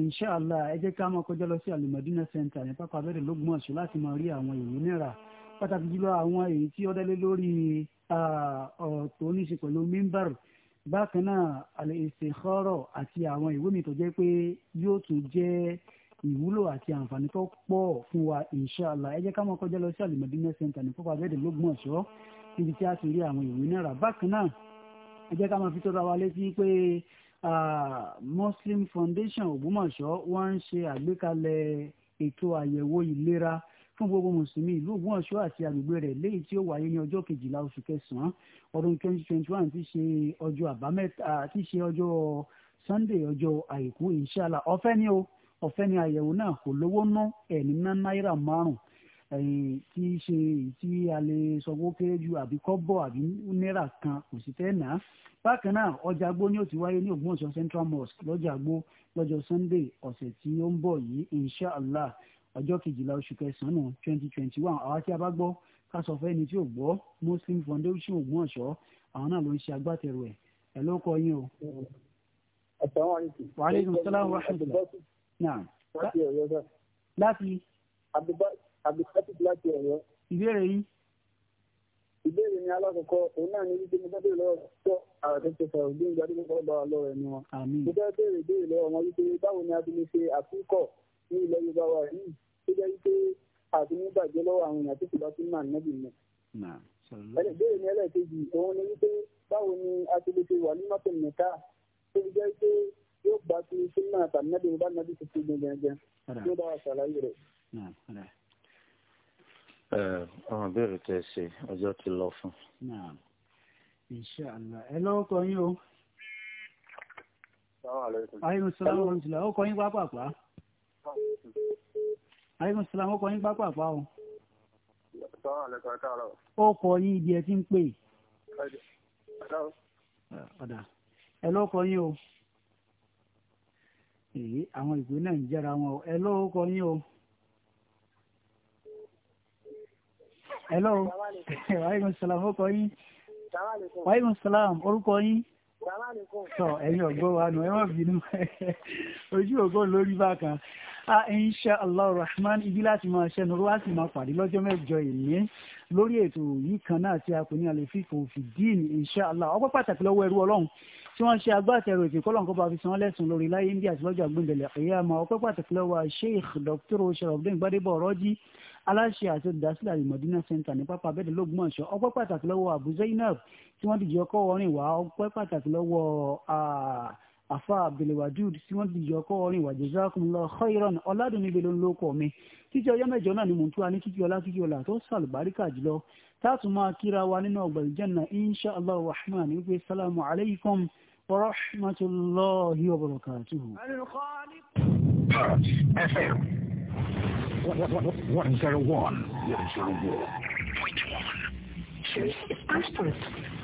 inshàlá ẹ ká máa kọjá lọ sí alimadina center ní pápá abẹ́rẹ́ lógún ọ̀ṣun láti máa rí àwọn ìwé náírà pàtàkì jùlọ àwọn èyí tí ó lórí ọ̀tọ̀ oníṣe pẹ̀lú mímbàrù bákan náà àlè ìṣèkọ́rọ̀ àti àwọn ìwé mi tó jẹ́ pé yóò tún jẹ́ ìwúlò àti àǹfààní tó pọ̀ fún wa inshallah ẹ jẹ́ ká mọ́ kọjá lọ sí Al-Madina center ní pọ́pọ́ abẹ́ẹ̀dẹ̀ lógún ọ̀ṣọ́ níbi tí a ti rí àwọn ìwé náà rà bákan náà ẹ jẹ́ ká máa fi tó ra wa létí pé Muslim Foundation Ògbómọ̀ṣọ́ wọ́n ń ṣe àgbékalẹ̀ ètò àyẹ̀wò ìlera fún gbogbo mùsùlùmí ìlú Ògbómọ̀ṣọ́ àti agbègbè rẹ̀ léyìí tí ó wáyé ní ọjọ́ kejìlá oṣù kẹsàn-án ọdún twenty twenty one ti ṣe ọjọ́ àbámẹ́ta ti ṣe ọjọ́ Sunday ọjọ́ àìkú inṣàlá ọ̀fẹ́ ni o ọ̀fẹ́ ni àyẹ̀wò náà kò lówó ná ẹ̀ní ná náírà márùn tí í ṣe tí a lè sọ pé ó kéré ju àbí kọ́bọ̀ àbí náírà kan kò sì fẹ́ nà á bákan náà ọjà agbó ni ó ti wáyé ní Ògbómọ̀ṣọ́ Central Mosque lọ́jà agbó lọ́jọ́ Sunday ọ̀sẹ̀ tí ó ń bọ̀ yìí inshàlá ọjọ́ kejìlá oṣù kẹsàn-án twenty twenty one àwa tí a bá gbọ́ ká sọ fún ẹni tí ò gbọ́ Muslim Foundation Ògbómọ̀ṣọ́ àwọn náà ló ń ṣe agbátẹrù ẹ̀ ẹ̀ ló kọ yín o. wa alaikum salaam wa rahmatullah. láti. abdulkatif láti ọ̀yọ́. ìbéèrè yín. ìbéèrè ni alákọ̀ọ́kọ́ òun náà ní wípé mo fẹ́ béèrè lọ́wọ́ tó àtẹ̀tẹ̀ sọ̀rọ̀ bí n gbadé mo fọ́ bá wa lọ́wọ́ ẹni wọn. mo fẹ́ béèrè béèrè lọ́wọ́ wọn wípé báwo ni a ti lè ṣe àtúnkọ̀ ní ilẹ̀ yorùbá wa yìí tó jẹ́ pé àti ní bàjẹ́ lọ́wọ́ àwọn èèyàn tó kù bá tún máa nẹ́bì mọ́. ẹlẹ́gbẹ́rẹ́ ní ẹlẹ́ẹ̀kejì òun ni wípé báwo ni a ti lè ṣe wà ní mọ́tò nìka tó fi jẹ́ pé yóò gbà tí súnmọ́ àtàmì nẹ́bì bá nẹ́bì tó ti gbẹ̀gbẹ̀ yóò bá wa ṣàlàyé rẹ̀. ọmọ ìbéèrè tẹ ṣe ọjọ́ ti lọ fún. ẹ lọ́wọ́ yín o. Aleykum salaam wa rahmatulah. Ó kọ yín pápá pa aleykum salaam ó kọ yín pápá àpá o. sọ́wọ́n àlẹ́kọ̀ọ́ káàárọ̀. ó kọ yín ibi ẹ ti ń pè. ọ̀dà ẹ ló kọ yín o. èyí àwọn ìwé náà ń jẹ́ra wọn o ẹ ló yín o. ẹ ló aleykum salaam ó kọ yín. aleykum salaam orúkọ yín sọ ẹ̀yin ọ̀gbọ́n wa nù ẹ má bínú ojú ògbọ́n lórí bákan a insha allah rahman ibi láti máa ṣẹnu wá sì máa pàdé lọ́jọ́ mẹ́jọ ìní lórí ètò yìí kan náà tí a kò ní àlè fífò fìdíìn insha allah ọgbọ́n pàtàkì lọ́wọ́ ẹrú ọlọ́run tí wọ́n ṣe agbátẹrù ètò ìkọ́lọ̀ nǹkan bá fi san lẹ́sùn lórí láyé ń bí àtìlọ́jọ́ àgbéǹdẹ̀lẹ̀ ẹ̀yà máa ọgbọ́n pàtàkì lọ́wọ́ sheikh dr sharafdin gbadebo ọ̀rọ́jì aláṣẹ àti olùdásílẹ̀ àlùmọ̀dínà center ní pápá abẹ́dẹ̀ lọ́gbọ̀nsọ ọpẹ́ pàtàkì lọ́wọ́ Abu Zainab tí wọ́n dìjọ kọ́ orin wá ọpẹ́ pàtàkì lọ́wọ́ afa abdulwadud tí wọ́n dìjọ kọ́ orin wá jazakumullahu khairan ọ̀làdùnní belo ń lóko mi títí ọjọ́ mẹ́jọ náà ni mò ń tú wa ní kíkí ọlá kíkí ọlá tó sàlùbáríkà jùlọ táàtù máa kíra wa nínú ọgbà ìjẹ́nà insha allah rahman wípé salamu alaykum wa rahmatulahi wa barakatuhu. 101. 101. Point one. Choose the first person.